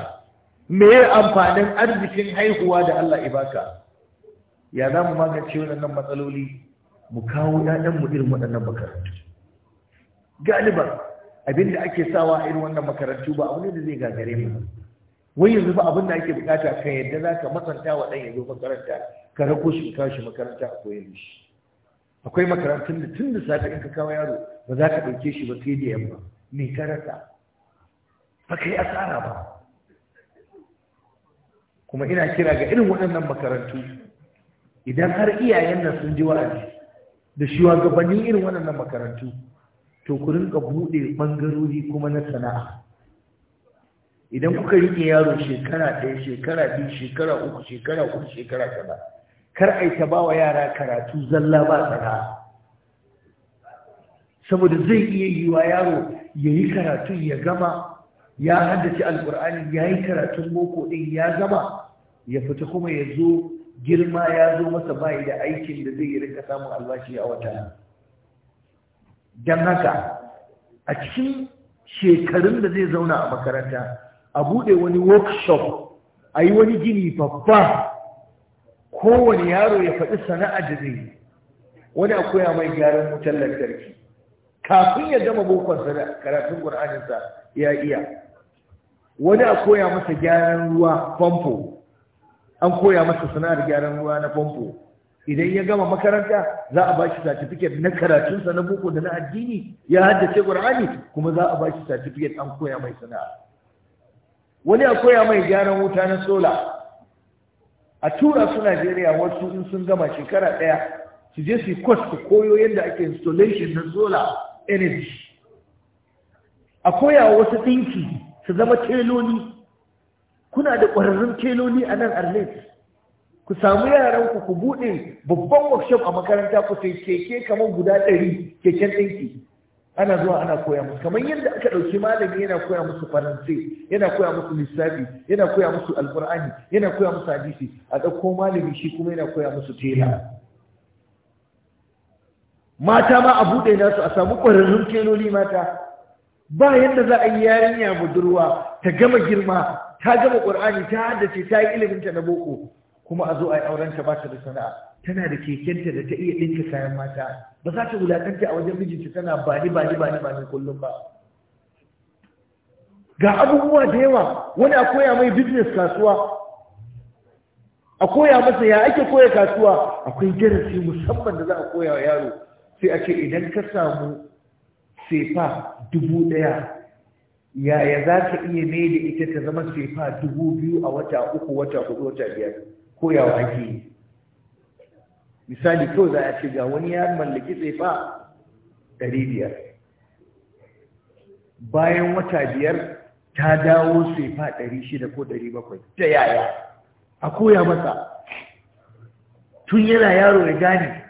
meye amfanin arzikin haihuwa da Allah ibaka ya za mu magance waɗannan matsaloli mu kawo mu irin waɗannan makarantu galiban abinda ake sawa a irin wannan makarantu ba a wani da zai gagare mu wai yanzu ba abin da ake bukata kan yadda za ka matsanta wa ɗan yanzu makaranta ka rako shi ka shi makaranta a koyar da shi akwai makarantun da tun da safe in ka kawo yaro ba za ka ɗauke shi ba sai da yamma me ka rasa ba ka yi asara ba kuma ina kira ga irin waɗannan makarantu idan har iyayen nan sun ji wa'azi da shugabannin irin waɗannan makarantu to ku rinka buɗe ɓangarori kuma na sana'a idan kuka rike yaro shekara ɗaya shekara biyu shekara uku shekara uku shekara kaza kar a yi ta ba wa yara karatu zalla ba tsara saboda zai iya yi wa yaro ya yi karatu ya gama ya haddace alkur'ani ya yi karatun boko ɗin ya gama ya fita kuma ya zo girma ya zo masa bayi da aikin da zai yi rika samun albashi a wata don haka a cikin shekarun da zai zauna a makaranta a buɗe wani workshop a yi wani gini babba kowane yaro ya faɗi sana'a da zai wani a koya mai gyaran wutar lantarki kafin ya gama bokon karatun ƙur'aninsa ya iya wani a koya masa gyaran ruwa famfo an koya masa sana'ar gyaran ruwa na famfo idan ya gama makaranta za a bashi satifiket na karatunsa na boko da na addini ya haddace ƙur'ani kuma za a bashi satifiket an koya mai sana'a wani a koya mai gyaran wuta na sola a tura su najeriya wasu in sun gama shekara ɗaya su je su kwas su koyo yadda ake installation na solar energy a koya wasu ɗinki su zama teloli kuna da ƙwararrun teloli a nan arlet ku samu yaranku ku buɗe babban workshop a makaranta ku sai keke kamar guda ɗari keken ɗinki ana zuwa ana koya musu kamar yadda aka ɗauki malami yana koya musu faransai yana koya musu lissafi yana koya musu alkur'ani yana koya musu hadisi a ɗauko malami shi kuma yana koya musu tela mata ma a buɗe nasu a samu ƙwararrun teloli mata ba yadda za a yi yarinya budurwa ta gama girma ta gama ƙur'ani ta haddace ta yi ilimin ta na boko kuma a zo a yi ta ba ta da sana'a tana da kekenta da ta iya ɗinka kayan mata ba za ta wulakanta a wajen mijinta tana ba ni ba ni ba ni ba ni kullum ba ga abubuwa da yawa wani a koya mai business kasuwa a koya masa ya ake koya kasuwa akwai darasi musamman da za a koya wa yaro sai a ce idan ka samu sefa dubu ɗaya yaya za ka iya mai da ita ta zama sefa dubu biyu a wata uku wata hudu wata biyar koyawa ake yi misali kawai za a ce ga wani ya mallaki tsefa ɗari biyar bayan wata biyar ta dawo tsefa ɗari shida ko ɗari bakwai ta yaya a koya masa tun yana yaro ya gane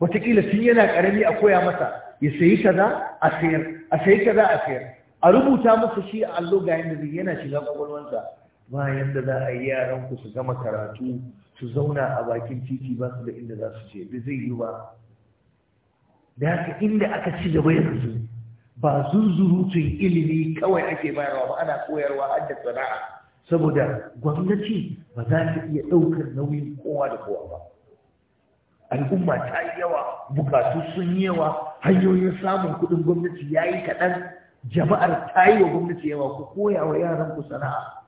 watakila tun yana ƙarami a koya masa ya sayi za a sayar a sayi za a sayar a rubuta masa shi a allo ga yanzu yana shiga kwakwalwansa bayan da za a yi yaranku su gama karatu su zauna a bakin titi ba su da inda za su ce da zai yi ba da haka inda aka ci gaba yanzu ba zuzurutun ilimi kawai ake bayarwa ba ana koyarwa har da sana'a saboda gwamnati ba za ta iya ɗaukar nauyin kowa da kowa ba al'umma ta yi yawa bukatu sun yi yawa hanyoyin samun kuɗin gwamnati ya yi kaɗan jama'ar ta yi wa gwamnati yawa ku koya wa yaran ku sana'a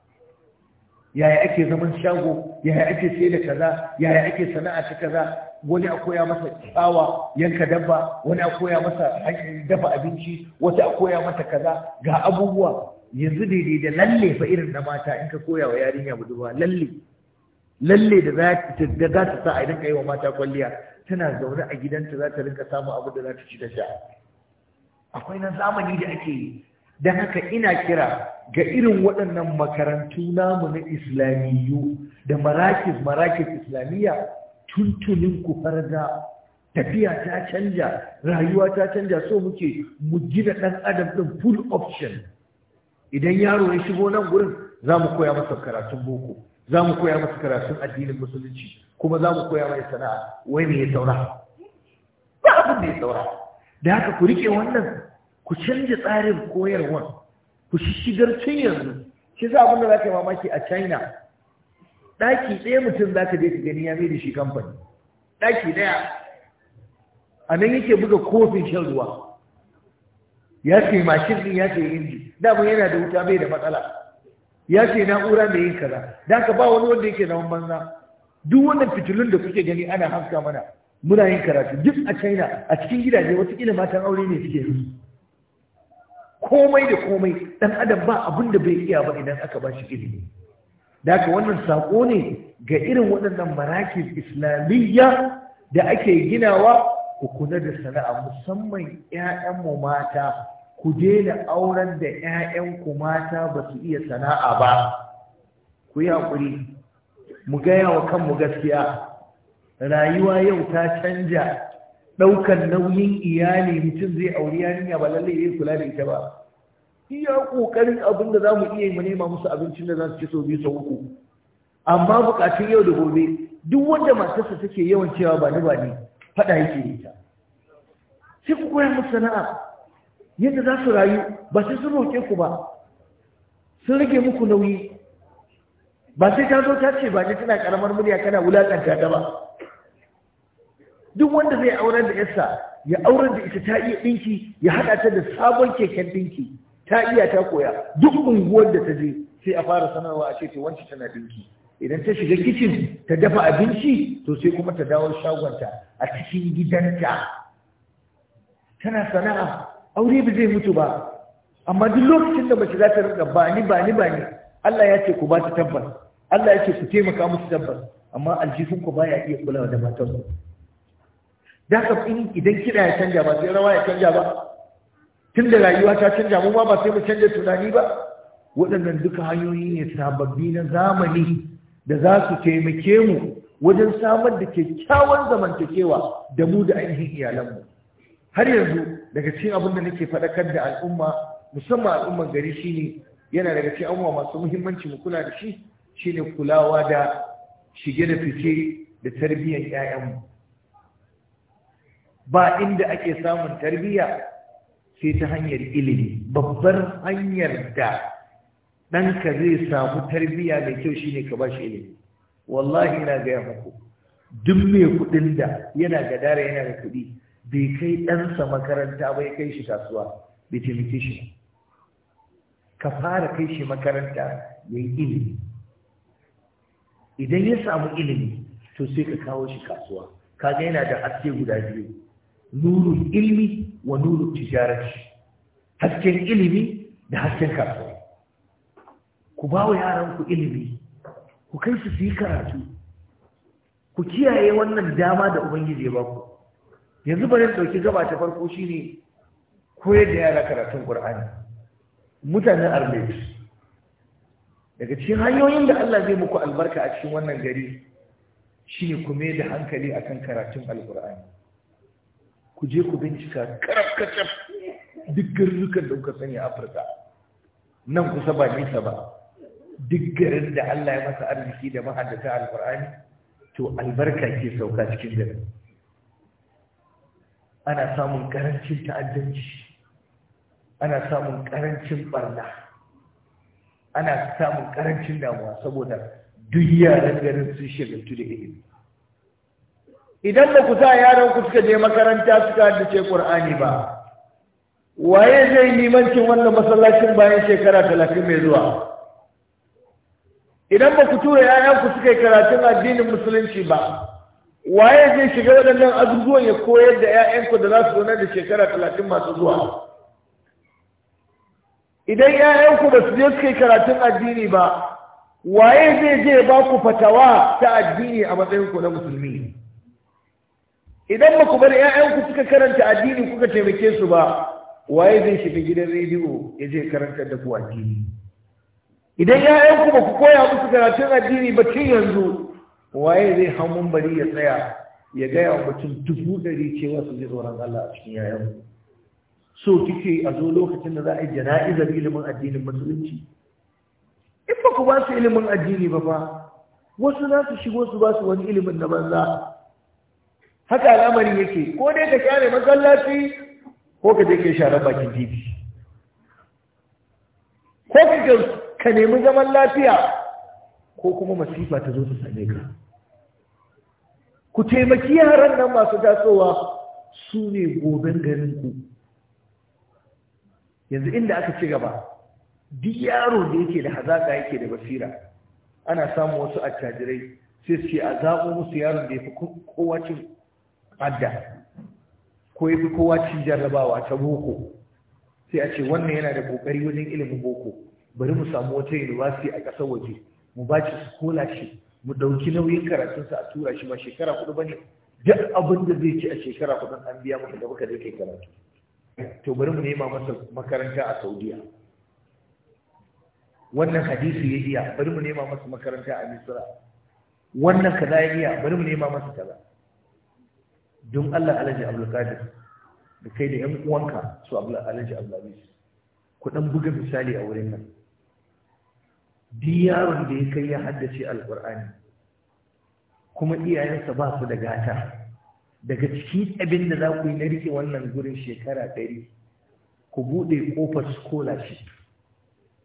yaya ake zaman shago yaya ake sai da kaza yaya ake sana'a ta kaza wani a koya masa tsawa yanka dabba wani a koya masa dafa abinci wata a koya masa kaza ga abubuwa yanzu daidai da lalle fa irin na mata in ka koya wa yarinya budurwa lalle lalle da za ta sa a rinka yi wa mata kwalliya tana zaune a gidanta za ta rinka samun abin da za ta ci da sha akwai na zamani da ake yi don haka ina kira ga irin waɗannan makarantu namu na islamiyu da marakis marakis islamiyya tuntunin ku farga tafiya ta canja rayuwa ta canja so muke mu gina ɗan adam ɗin full option idan yaro ya shigo nan gurin za mu koya masa karatun boko za mu koya masa karatun addinin musulunci kuma za mu koya mai sana'a wai me ya saura ba abin da ya saura da haka ku rike wannan ku canza tsarin koyarwa ku shigar tun yanzu shi za abin da za ka yi mamaki a china ɗaki ɗaya mutum za ka je ka gani ya mai da shi kamfani ɗaki ɗaya a nan yake buga kofin shan ruwa ya ce mashin ɗin ya ce inji dama yana da wuta bai da matsala ya ce na'ura mai yin kaza da ka ba wani wanda yake zaman banza duk wannan fitilun da kuke gani ana haska mana muna yin karatu duk a china a cikin gidaje wasu matan aure ne suke yi komai da komai dan adam ba abin da bai iya ba idan aka ba shi ilimi daga wannan sako ne ga irin waɗannan marakis islamiyya da ake ginawa ku kula da sana'a musamman mu mata ku daina auren da ku mata ba su iya sana'a ba ku yi haƙuri mu gaya wa kanmu gaskiya rayuwa yau ta canja Ɗaukan nauyin iyali mutum zai auri yarinya ba lallai zai kula da ita ba iya ƙoƙarin abin da za mu iya mu nema musu abincin da za su ci so biyu so uku amma bukatun yau da gobe duk wanda matarsa take yawan cewa ba ni ba ne faɗa yake da ita sai ku koyar musu sana'a yadda za su rayu ba sai sun roƙe ku ba sun rage muku nauyi ba sai ta zo ta ce ba ni tana karamar murya kana wulakanta ta ba duk wanda zai aurar da yarsa ya aurar da ita ta iya ɗinki ya haɗa ta da sabon keken ɗinki ta iya ta koya duk unguwar da ta je sai a fara sanarwa a ce to wancan tana ɗinki idan ta shiga kicin ta dafa abinci to sai kuma ta dawo shagonta a cikin gidanta tana sana'a aure ba zai mutu ba amma duk lokacin da mace za ta rika, ba ni ba Allah ya ce ku ba ta tabbas Allah ya ce ku taimaka musu tabbas amma aljihun ku baya iya kulawa da matar da haka in idan kiɗa ya canja ba sai rawa ya canja ba tun da rayuwa ta canja mu ma ba sai mu canja tunani ba waɗannan duka hanyoyi ne sababbi na zamani da za su taimake mu wajen samar da kyakkyawan zamantakewa da mu da ainihin iyalanmu har yanzu daga cikin abin da nake faɗakar da al'umma musamman al'umman gari shine yana daga cikin abubuwa masu muhimmanci mu kula da shi shine kulawa da shige da fice da tarbiyyar 'ya'yanmu ba inda ake samun tarbiyya sai ta hanyar ilimi babbar hanyar da ɗanka zai samu tarbiyya mai kyau shine ka ba shi ilimi wallahi na gaya muku duk mai kuɗin da yana ga gadara yana da kuɗi bai kai ɗansa makaranta bai kai shi kasuwa bai taimake shi ka fara kai shi makaranta ya ilimi idan ya samu ilimi to sai ka kawo shi kasuwa kaga yana da haske guda biyu nurul ilmi wa nurul tijarati hasken ilimi da hasken kasuwa ku ba wa yaranku ilimi ku kai su yi karatu ku kiyaye wannan dama da ubangiji ya baku yanzu bari dauki gaba ta farko shine koyar da yara karatun qur'ani mutanen arbex daga cikin hanyoyin da Allah zai muku albarka a cikin wannan gari shine ku mai da hankali akan karatun alqur'ani ku je ku bincika karkacin duk garurrukan da kuka sani a afirka nan kusa ba nisa ba duk da allah ya masa arziki da mahaddata alkur'ani to albarka ke sauka cikin garin ana samun karancin ta'addanci ana samun karancin barna ana samun karancin damuwa saboda duk yaran garin sun shagaltu da ilimi idan da ku sa yaran ku suka je makaranta suka haddace Qur'ani ba waye zai limancin wannan masallacin bayan shekara talatin mai zuwa idan ba ku tura ‘ya'yanku suka yi karatun addinin musulunci ba waye zai shiga waɗannan abubuwan ya koyar da ‘ya'yanku da za su nan da shekara talatin masu zuwa idan ‘ya'yanku ba su je suka yi karatun addini ba waye zai je ba ku fatawa ta addini a matsayinku na musulmi idan ba ku bar ‘ya'yanku suka karanta addini kuka taimake su ba waye zai shiga gidan rediyo ya je karanta da ku addini idan ‘ya'yanku ba ku koya musu karatun addini ba tun yanzu waye zai hamun bari ya tsaya ya gaya wa mutum dubu ɗari cewa su ji tsoron Allah a cikin 'ya'yan? so kike a zo lokacin da za a yi jana'izar ilimin addinin musulunci in ba ku ba su ilimin addini ba ba wasu za su shigo su ba su wani ilimin na banza haka al'amari yake ko dai ka kyale masallaci ko ka je ka share bakin titi ko ka ka nemi zaman lafiya ko kuma masifa ta zo ta same ka ku taimaki yaran nan masu tasowa su ne goben garin ku yanzu inda aka ci gaba duk yaro da yake da hazaka yake da basira ana samun wasu attajirai sai su ce a zaɓo musu yaron da ya fi kowa adda ko ya fi kowa cin jarrabawa ta boko sai a ce wannan yana da kokari wajen ilimin boko bari mu samu wata university a ƙasar waje mu ba shi scholarship mu ɗauki nauyin karatunsa a tura shi ma shekara kudu ba ne duk abin da zai ci a shekara kudu an biya maka da da kai karatu to bari mu nema masa makaranta a saudiya wannan hadisi ya iya bari mu nema masa makaranta a misira wannan kaza ya iya bari mu nema masa kaza don Allah alaji abdulkadir da kai da 'yan uwanka su alaji abdulaziz ku dan buga misali a wurin nan duk yaron da ya kai ya haddace alkur'ani kuma iyayensa ba su da gata daga cikin abin da za ku yi na rike wannan gurin shekara ɗari ku buɗe ƙofar scholarship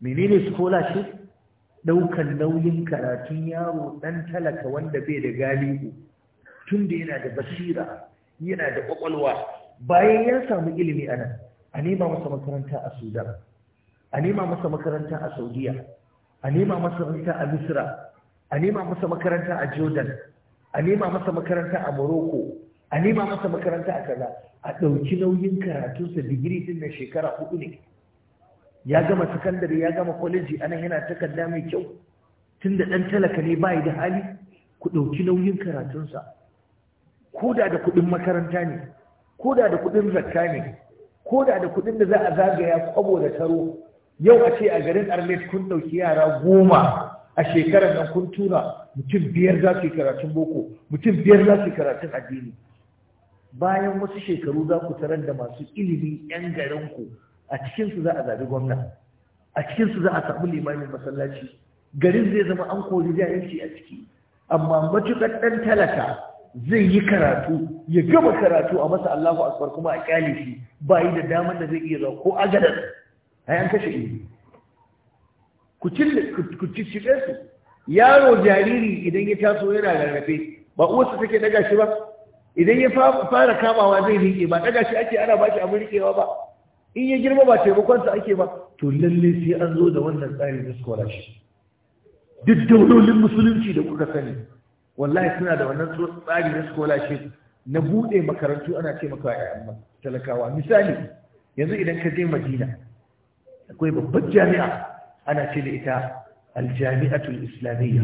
menene scholarship Ɗaukar nauyin karatun yaro ɗan talaka wanda bai da galibu tun da yana da basira yana da kwakwalwa bayan ya samu ilimi a nan a nema masa makaranta a sudan a nema masa makaranta a saudiya a nema masa makaranta a misra a nema masa makaranta a jordan a nema masa makaranta a morocco a nema masa makaranta a kaza a ɗauki nauyin karatunsa digiri din na shekara hudu ne ya gama sakandare ya gama kwaleji nan yana takarda mai kyau tun da ɗan talaka ne bayi da hali ku ɗauki nauyin karatunsa koda da kuɗin makaranta ne koda da kuɗin zakka ne koda da kuɗin da za a zagaya kwabo da taro yau a ce a garin arlet kun ɗauki yara goma a shekarar nan kun tura mutum biyar za su yi karatun boko mutum biyar za su yi karatun addini bayan wasu shekaru za ku tarar da masu ilimi 'yan garin ku. a cikinsu za a zaɓi gwamna a cikinsu za a samu limamin masallaci garin zai zama an kori jahilci a ciki amma matuƙar ɗan talaka zai yi karatu ya gama karatu a masa Allahu akbar kuma a kyale shi ba yi da damar da zai iya zuwa ko agadar ai an kashe ilimi ku cille ku su yaro jariri idan ya taso yana rarrafe ba uwarsa take daga shi ba idan ya fara kamawa zai rike ba daga shi ake ana bashi abin rikewa ba in ya girma ba taimakonsa ake ba to lalle sai an zo da wannan tsarin na shi. duk daulolin musulunci da kuka sani wallahi suna da wannan tsari na scholarship na buɗe makarantu ana ce maka ƴaƴan talakawa misali yanzu idan ka je madina akwai babbar jami'a ana ce da ita aljami'atul islamiyya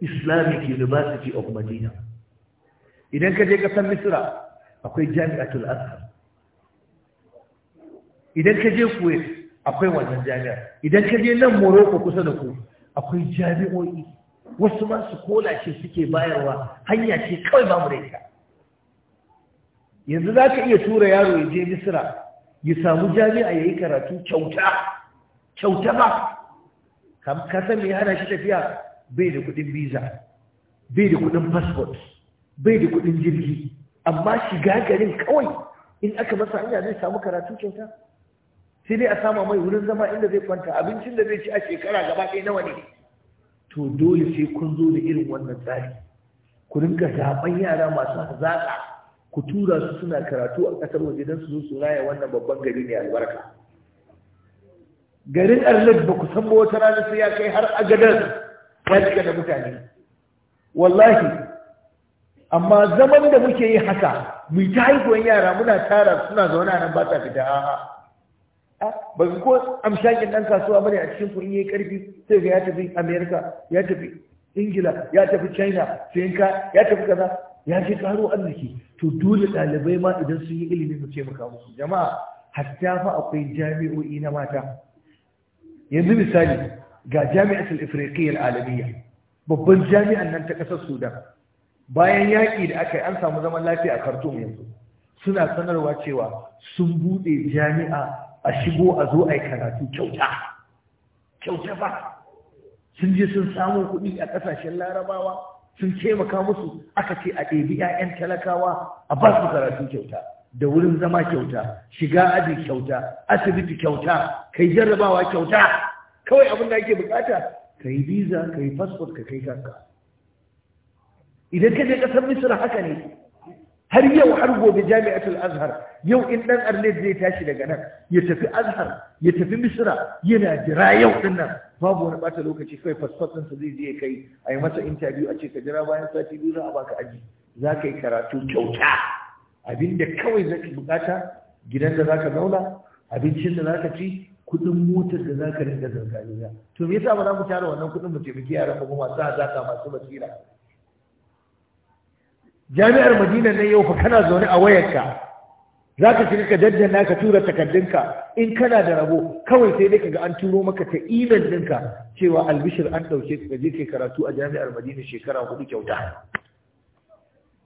islamic university of madina idan ka je ƙasar misra akwai jami'atul azhar idan ka je kuwait akwai wannan jami'a. idan ka je nan morocco kusa da ku akwai jami'o'i wasu ma su kola ce suke bayarwa hanya ce kawai ba mu da yanzu za ka iya tura yaro ya je misira ya samu jami'a ya yi karatu kyauta kyauta ba ka san mai hana shi tafiya bai da kudin visa bai da kudin passport bai da kudin jirgi amma shiga garin kawai in aka masa hanya zai samu karatu kyauta sai dai a sama mai wurin zama inda zai kwanta abincin da zai ci a shekara gaba ɗaya nawa ne to dole sai kun zo da irin wannan tsari ku rinka zaɓen yara masu hazaƙa ku tura su suna karatu a ƙasar waje don su zo su raya wannan babban gari ne albarka garin arlet ba ku san ba wata rana sai ya kai har agadar ya cika da mutane wallahi amma zaman da muke yi haka mu ta haihuwar yara muna tara suna zaune nan ba ta fita a'a ba ga ko amshakin ɗan kasuwa ba ne a cikin kuɗi ya yi ƙarfi sai ga ya tafi amerika ya tafi ingila ya tafi china sayan ka ya tafi kaza ya ce karo arziki to dole ɗalibai ma idan sun yi ilimi su ce maka musu jama'a hatta fa akwai jami'o'i na mata yanzu misali ga jami'atul ifriqiyyah Alamiyya, babban jami'an nan ta ƙasar sudan bayan yaƙi da aka yi an samu zaman lafiya a khartoum yanzu suna sanarwa cewa sun buɗe jami'a a shigo a zo a yi karatu kyauta kyauta ba sun je sun samu kuɗi a ƙasashen larabawa sun taimaka musu aka ce a ɗebi 'ya'yan talakawa a ba su karatu kyauta da wurin zama kyauta shiga aji kyauta asibiti kyauta kai jarrabawa kyauta kawai abin da ake bukata ka yi visa ka yi fasfot ka kai kanka idan ka je ƙasar misira haka ne har yau har gobe jami'atul azhar yau in dan arle zai tashi daga nan ya tafi azhar ya tafi misra yana jira yau din nan babu wani bata lokaci kai fasfas ɗinsa zai je kai a yi masa interview a ce ka jira bayan sati biyu za a baka aji za ka yi karatu kyauta abinda kawai za ka bukata gidan da za ka zauna abincin da za ka ci kuɗin motar da za ka rinka zargaliya to me yasa ba za mu tara wannan kuɗin mu taimaki yaran mu kuma sa ka masu basira jami'ar madina ne yau fa kana zaune a wayarka za ka shiga ka jajjana ka tura takardunka in kana da rabo kawai sai dai kaga an turo maka ta email ɗinka cewa albishir an ɗauke ka je kai karatu a jami'ar madina shekara hudu kyauta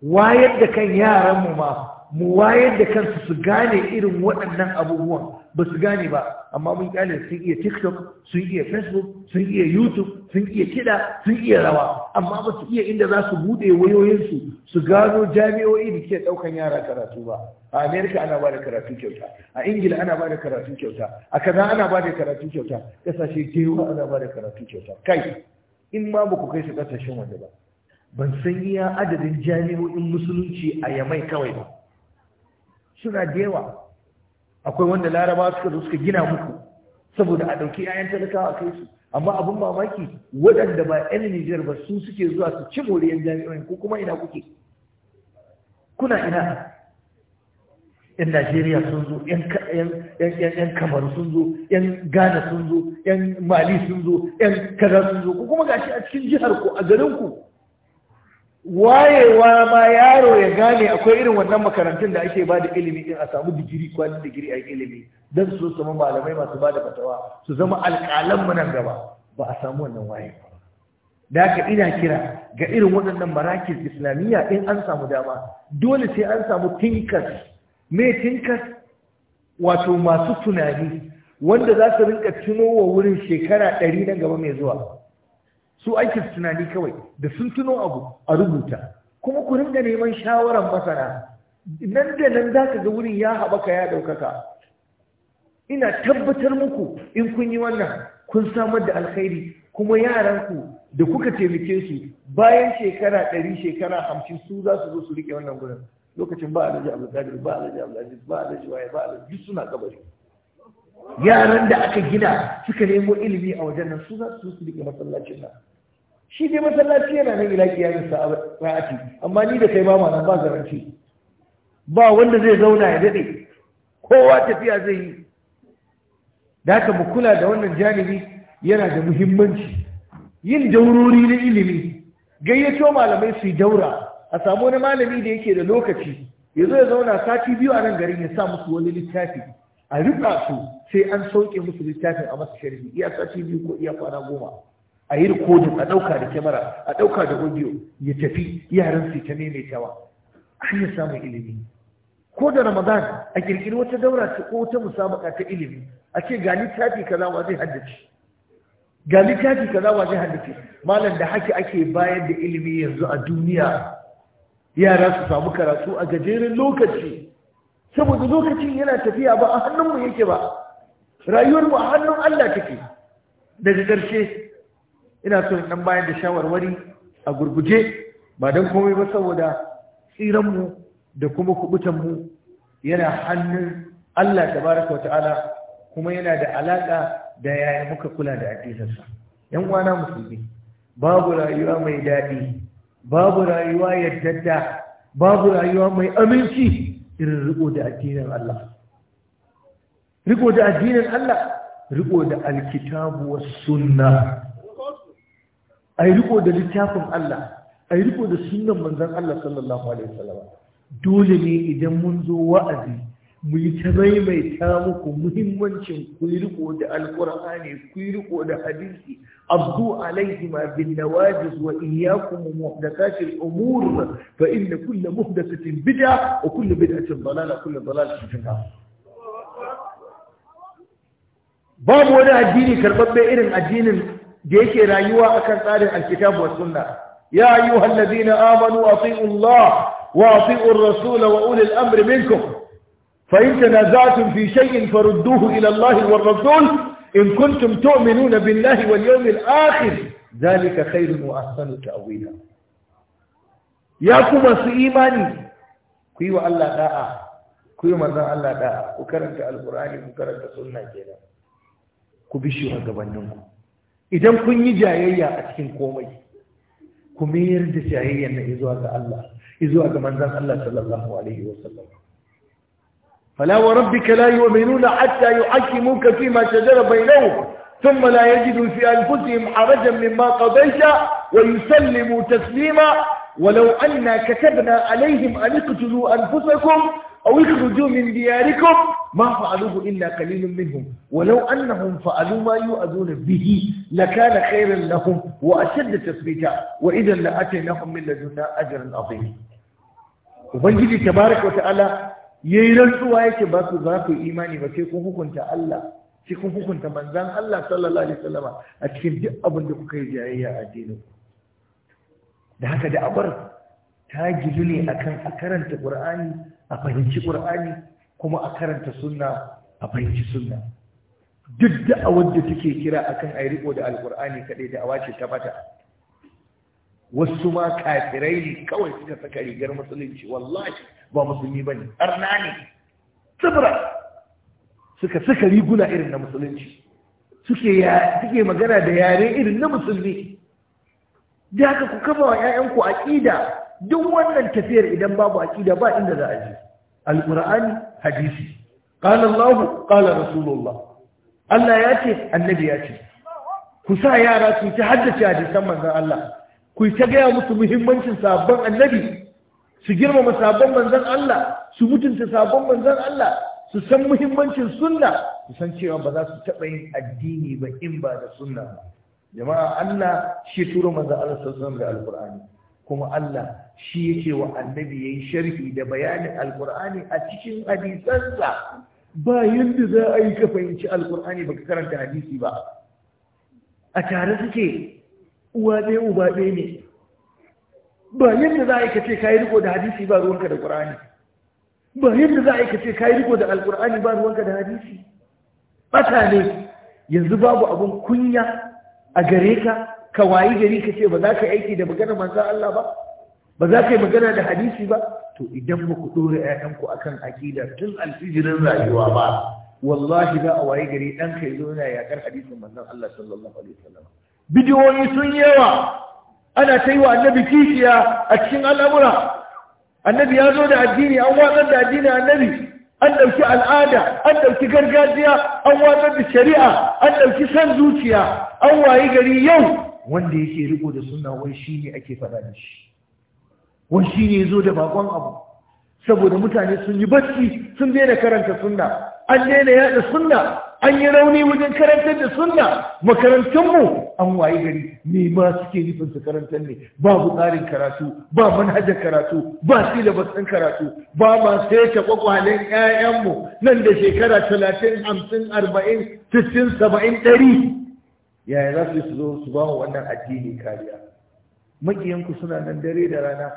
wayar da kan yaran mu ma mu wayar da kansu su gane irin waɗannan abubuwan ba su gane ba amma mun kyale sun iya tiktok sun iya facebook sun iya youtube sun iya kiɗa sun iya rawa amma ba su iya inda za su buɗe wayoyinsu su gano jami'o'i da ke ɗaukan yara karatu ba a amerika ana ba da karatu kyauta a ingila ana ba da karatu kyauta a kaza ana ba da karatu kyauta ƙasashe kewa ana ba da karatu kyauta kai in ma ba ku kai su ƙasashen waje ba ban san iya adadin jami'o'in musulunci a yamai kawai ba suna da yawa akwai wanda laraba suka zo suka gina muku saboda a ɗauki 'ya'yan talakawa a kai su amma abin mamaki waɗanda ba 'yan Nijar ba su suke zuwa su ci moriyar jami'o'in ko kuma ina kuke kuna ina 'yan Najeriya sun zo 'yan kamaru sun zo 'yan Ghana sun zo 'yan Mali sun zo 'yan kaza sun zo ko kuma gashi a cikin jihar ku a garin ku wayewa ma yaro ya gane akwai irin wannan makarantun da ake ba da ilimi din a samu digiri kwanin digiri a ilimi don su zama malamai masu ba da fatawa su zama alƙalan nan gaba ba a samu wannan wayewa da aka ina kira ga irin waɗannan marakis islamiyya in an samu dama dole sai an samu tinkas me tinkas wato masu tunani wanda za su rinka tuno wa wurin shekara ɗari nan gaba mai zuwa su aikin tunani kawai da sun tuno abu a rubuta kuma ku ringa neman shawaran masana nan da nan za ka ga wurin ya haɓaka ya ɗaukaka ina tabbatar muku in kun yi wannan kun samar da alkhairi kuma yaranku da kuka taimake su bayan shekara ɗari shekara hamsin su za su zo su riƙe wannan gurin lokacin ba alhaji abdulkadir ba alhaji abdulaziz ba alhaji waye ba alhaji duk suna kabari yaran da aka gina suka nemo ilimi a wajen nan su za su su riƙe masallacin nan shi dai masallaci yana nan ila a sa'ati amma ni da kai ba ma nan ba garanti ba wanda zai zauna ya dade kowa tafiya zai yi da haka mu kula da wannan janibi yana da muhimmanci yin daurori na ilimi gayyato malamai su yi daura a samu wani malami da yake da lokaci ya zo ya zauna sati biyu a nan garin ya sa musu wani littafi a rika su sai an sauke musu littafin a masa sharhi iya sati biyu ko iya kwana goma a yi rikodin a ɗauka da kyamara a ɗauka da audio ya tafi yaran su ta maimaitawa an yi samun ilimi ko da ramadan a kirkiri wata daura ce ko wata musabaka ta ilimi a ce ga littafi kaza wa zai haddace ga littafi kaza wa zai haddace malam da haka ake bayar da ilimi yanzu a duniya yara su samu karatu a gajeren lokaci saboda lokacin yana tafiya ba a hannunmu yake ba rayuwarmu a hannun Allah take daga ƙarshe ina so in dan da shawarwari a gurguje ba don komai ba saboda tsiranmu da kuma kubutanmu yana hannun Allah baraka wata'ala kuma yana da alaƙa da yaya muka kula da addininsa yan uwana musulmi babu rayuwa mai daɗi babu rayuwa yaddada babu rayuwa mai aminci irin riko da addinin Allah riko da addinin Allah riko da alkitabu was sunna a yi riko da littafin Allah a yi riko da sunan manzan Allah sallallahu alaihi wasallam dole ne idan mun zo wa'azi mu yi ta maimaita muku muhimmancin ku yi riko da alqur'ani ku yi riko da hadisi abdu alaihi ma bin nawajiz wa iyyakum muhdathatil umur fa inna kull muhdathatin bid'a wa kull bid'atin dalalah kull dalalatin fi babu wani addini karɓaɓɓe irin addinin da yake rayuwa akan tsarin alkitab wa sunna ya ayyuhal alladhina amanu ati'u Allah wa ati'u ar-rasul wa ulil amri minkum fa in tanaza'tum fi shay'in farudduhu ila Allah wa ar-rasul in kuntum tu'minuna billahi wal yawmil akhir dhalika khairun wa ahsanu ta'wila ya kuma su imani ku yi wa Allah da'a ku yi manzon Allah da'a ku karanta alqur'ani ku karanta sunna kenan ku bi shi gabaninku idan kun yi jayayya a cikin komai ku mayar da jayayyar na zuwa ga Allah zuwa ga manzon Allah sallallahu alaihi wa sallam fala wa rabbika la yu'minuna hatta yu'akimuka fi fima shajara bainahum la yajidu fi anfusihim harajan mimma مما wa yusallimu taslima ولو أنا كتبنا عليهم أن اقتلوا أنفسكم أو اخرجوا من دياركم ما فعلوه إلا قليل منهم ولو أنهم فعلوا ما يؤذون به لكان خيرا لهم وأشد تثبيتا وإذا لأتيناهم من لدنا أجرا عظيما Ubangiji tabaraka wata'ala yayi rantsuwa yake ba su za ku imani ba sai kun hukunta Allah sai kun hukunta manzan Allah sallallahu alaihi wasallama a cikin duk abin da kuka yi jayayya a addinin da haka da abar ta gidu ne akan a karanta ƙur'ani a fahimci ƙur'ani kuma a karanta sunna a fahimci sunna duk da a wadda take kira akan ai riko da alƙur'ani kaɗai da awa ce ta bata wasu ma kafirai ne kawai suka saka rigar musulunci wallahi ba musulmi ba ne arna ne tsibira suka saka riguna irin na musulunci suke magana da yare irin na musulmi da haka ku kafa wa 'ya'yanku aƙida duk wannan tafiyar idan babu aqida ba inda za a ji alqur'ani hadisi qala Allah qala rasulullah Allah ya ce annabi ya ce ku sa yara su ta haddace hadisan manzon Allah ku ta gaya musu muhimmancin sabon annabi su girmama sabon manzon Allah su mutunta sabon manzon Allah su san muhimmancin sunna su san cewa ba za su taɓa yin addini ba in ba da sunna ba jama'a Allah shi turo manzon Allah sallallahu alaihi wasallam da alqur'ani kuma Allah shi yake wa annabi yayin sharhi da bayanin alqur'ani a cikin hadisansa ba yadda za a yi ka fahimci alqur'ani baka karanta hadisi ba a tare suke uwa ɗaya uba ɗaya ne ba yadda za a yi ka ce kayi riko da hadisi ba ruwanka da qur'ani ba yadda za a yi ka ce kayi riko da alqur'ani ba ruwanka da hadisi bata ne yanzu babu abun kunya a gare ka ka wayi gari ka ce ba za ka aiki da magana manzan Allah ba ba za ka yi magana da hadisi ba to idan ba ku ɗora ‘ya'yanku a kan tun alfijirin rayuwa ba wallahi za a wayi gari ɗan kai zo yana yaƙar hadisin manzan Allah sallallahu alaihi wasallam bidiyoyi sun yawa ana ta yi wa annabi kishiya a cikin al'amura annabi ya zo da addini an watsar da addini annabi an ɗauki al'ada an ɗauki gargajiya an watsar da shari'a an ɗauki san zuciya an wayi gari yau wanda yake riko da sunna wai ne ake faɗa da shi wai ne zo da bakon abu saboda mutane sun yi bacci sun daina karanta sunna an daina yada sunna an yi rauni wajen karantar da sunna makarantunmu an wayi gari ne ma suke nufin su karantar ne babu tsarin karatu ba manhajar karatu ba silabus ɗin karatu ba ma sai ta kwakwalen ƴaƴanmu nan da shekara talatin hamsin arba'in sittin saba'in ɗari yaya za su yi su zo su ba wannan addini kariya makiyanku suna nan dare da rana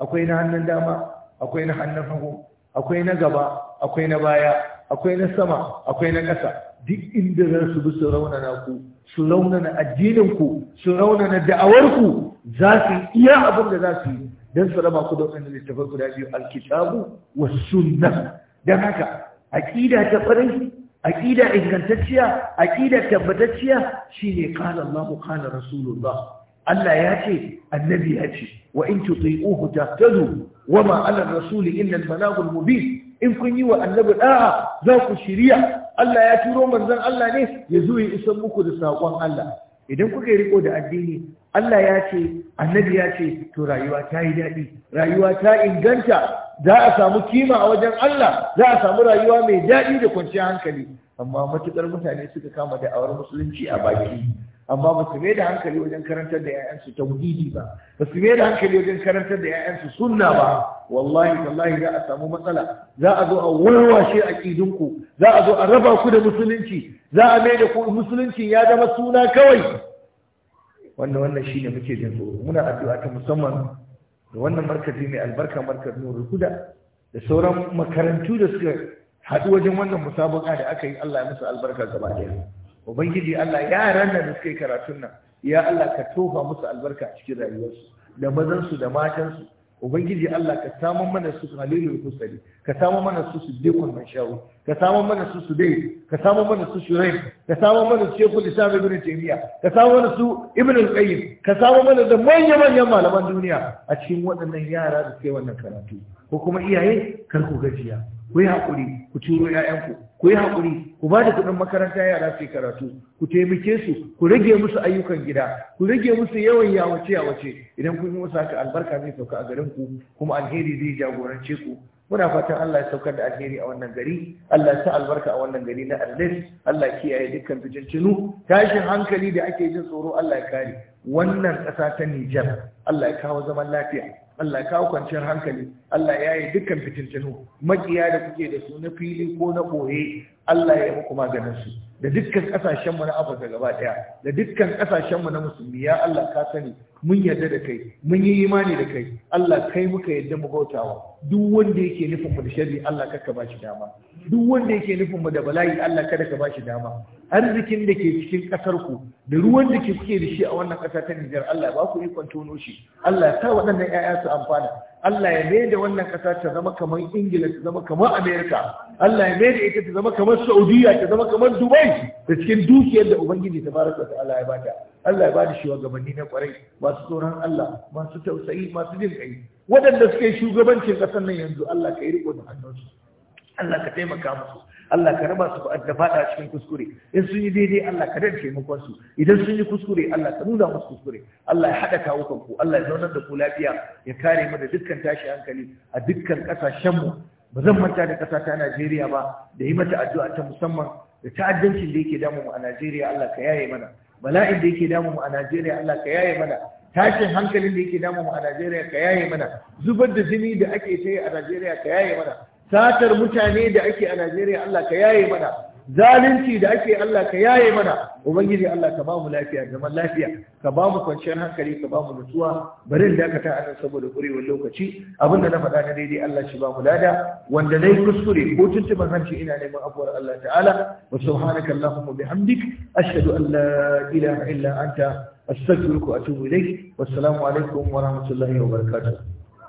akwai na hannun dama akwai na hannun hagu akwai na gaba akwai na baya akwai na sama akwai na ƙasa duk inda za su bi su raunana ku su raunana addininku su raunana da'awarku za su iya abin da za su yi don su raba ku da waɗanda littafin guda biyu alkitabu wa sunna don haka aƙida ta farai aqida ingantacciya aqida tabbatacciya shine qala Allahu qala Rasulullah Allah ya ce annabi ya ce wa in tuti'uhu tahtadu wama 'ala ar-rasul illa al-balaghul mubin in kun yi wa annabi da'a za ku shiriya Allah ya turo manzon Allah ne ya zo ya isa muku da sakon Allah idan kuka riko da addini Allah ya ce annabi ya ce to rayuwa ta yi daɗi rayuwa ta inganta za a samu kima a wajen Allah za a samu rayuwa mai daɗi da kwanciyar hankali amma matuƙar mutane suka kama da awar musulunci a baki amma ba su mai da hankali wajen karantar da 'ya'yansu tauhidi ba ba su mai da hankali wajen karantar da 'ya'yansu sunna ba wallahi wallahi za a samu matsala za a zo a warwashe aƙidunku za a zo a raba ku da musulunci za a mai da ku musulunci ya zama suna kawai wannan wannan shi ne muke jin tsoro muna addu'a ta musamman da wannan markazi mai albarka markaz nurul huda da sauran makarantu da suka haɗu wajen wannan musabaka da aka yi Allah ya musu albarka gaba ɗaya ubangiji Allah yaran nan da suka yi karatun nan ya Allah ka tofa musu albarka a cikin rayuwarsu da mazansu da matansu ubangiji Allah ka samu mana su khalilul kusari ka samu mana su siddiqul mashawu ka samu mana su sudai ka samu mana su shuraim ka samu mana su shekul islam ibn taymiya ka samu mana su ibn al-qayyim ka samu mana da manyan manyan malaman duniya a cikin waɗannan yara da kai wannan karatu ko kuma iyaye kar ku gajiya ku yi haƙuri ku turo ‘ya'yanku ku yi haƙuri ku ba da kuɗin makaranta yara su karatu ku taimake su ku rage musu ayyukan gida ku rage musu yawan yawace yawace idan kun yi musu haka albarka zai sauka a garin ku kuma alheri zai jagorance ku muna fatan Allah ya saukar da alheri a wannan gari Allah ya sa albarka a wannan gari na Arlis Allah ya kiyaye dukkan fitintunu tashin hankali da ake jin tsoro Allah ya kare wannan ƙasa ta Nijar Allah ya kawo zaman lafiya Allah kawo kwanciyar hankali Allah ya yi dukkan fitintinu makiya da kuke da su na fili ko na ɓoye Allah ya yi muku maganin su da dukkan kasashen mu na Afirka gaba daya da dukkan kasashen mu na musulmi ya Allah ka sani mun yarda da kai mun yi imani da kai Allah kai muka yarda mu bautawa duk wanda yake nufin mu da sharri Allah kada ka shi dama duk wanda yake nufin mu da bala'i Allah kada ka bashi dama arzikin da ke cikin kasar ku da ruwan da ke kuke da shi a wannan kasa ta Nijar Allah ba ku ikon tono shi Allah ya sa waɗannan ƴaƴa su amfana Allah ya maida wannan ƙasa ta zama kamar Ingila ta zama kamar Amerika Allah ya da ita ta zama kamar Saudiya ta zama kamar Dubai da cikin dukiyar da Ubangiji ta fara ta Allah ya bata Allah ya bada shugabanni na kwarai masu tsoron Allah masu tausayi masu jin kai waɗanda suke shugabancin ƙasar nan yanzu Allah ka yi riko da hannunsu Allah ka taimaka musu Allah ka raba su da fada cikin kuskure in sun yi daidai Allah ka dace taimakon su idan sun yi kuskure Allah ka nuna musu kuskure Allah ya hada kawo kanku Allah ya zaunar da ku lafiya ya kare mu da dukkan tashi hankali a dukkan kasashen mu ba zan manta da kasa ta Najeriya ba da yi mata addu'a ta musamman da ta'addancin da yake damu mu a Najeriya Allah ka yaye mana bala'in da yake damu mu a Najeriya Allah ka yaye mana tashin hankalin da yake damu mu a Najeriya ka yaye mana zubar da jini da ake ta a Najeriya ka yaye mana satar mutane da ake a Najeriya Allah ka yaye mana zalunci da ake Allah ka yaye mana ubangiji Allah ka ba mu lafiya zaman lafiya ka ba mu kwanciyar hankali ka ba mu nutsuwa bari da ka ta nan saboda kurewar lokaci abinda na faɗa na daidai Allah shi ba mu lada wanda nayi kuskure ko tuntuban hanci ina neman afuwar Allah ta'ala wa subhanaka allahumma bihamdik ashhadu an la ilaha illa anta astaghfiruka wa atubu ilayk wassalamu alaikum wa rahmatullahi wa barakatuh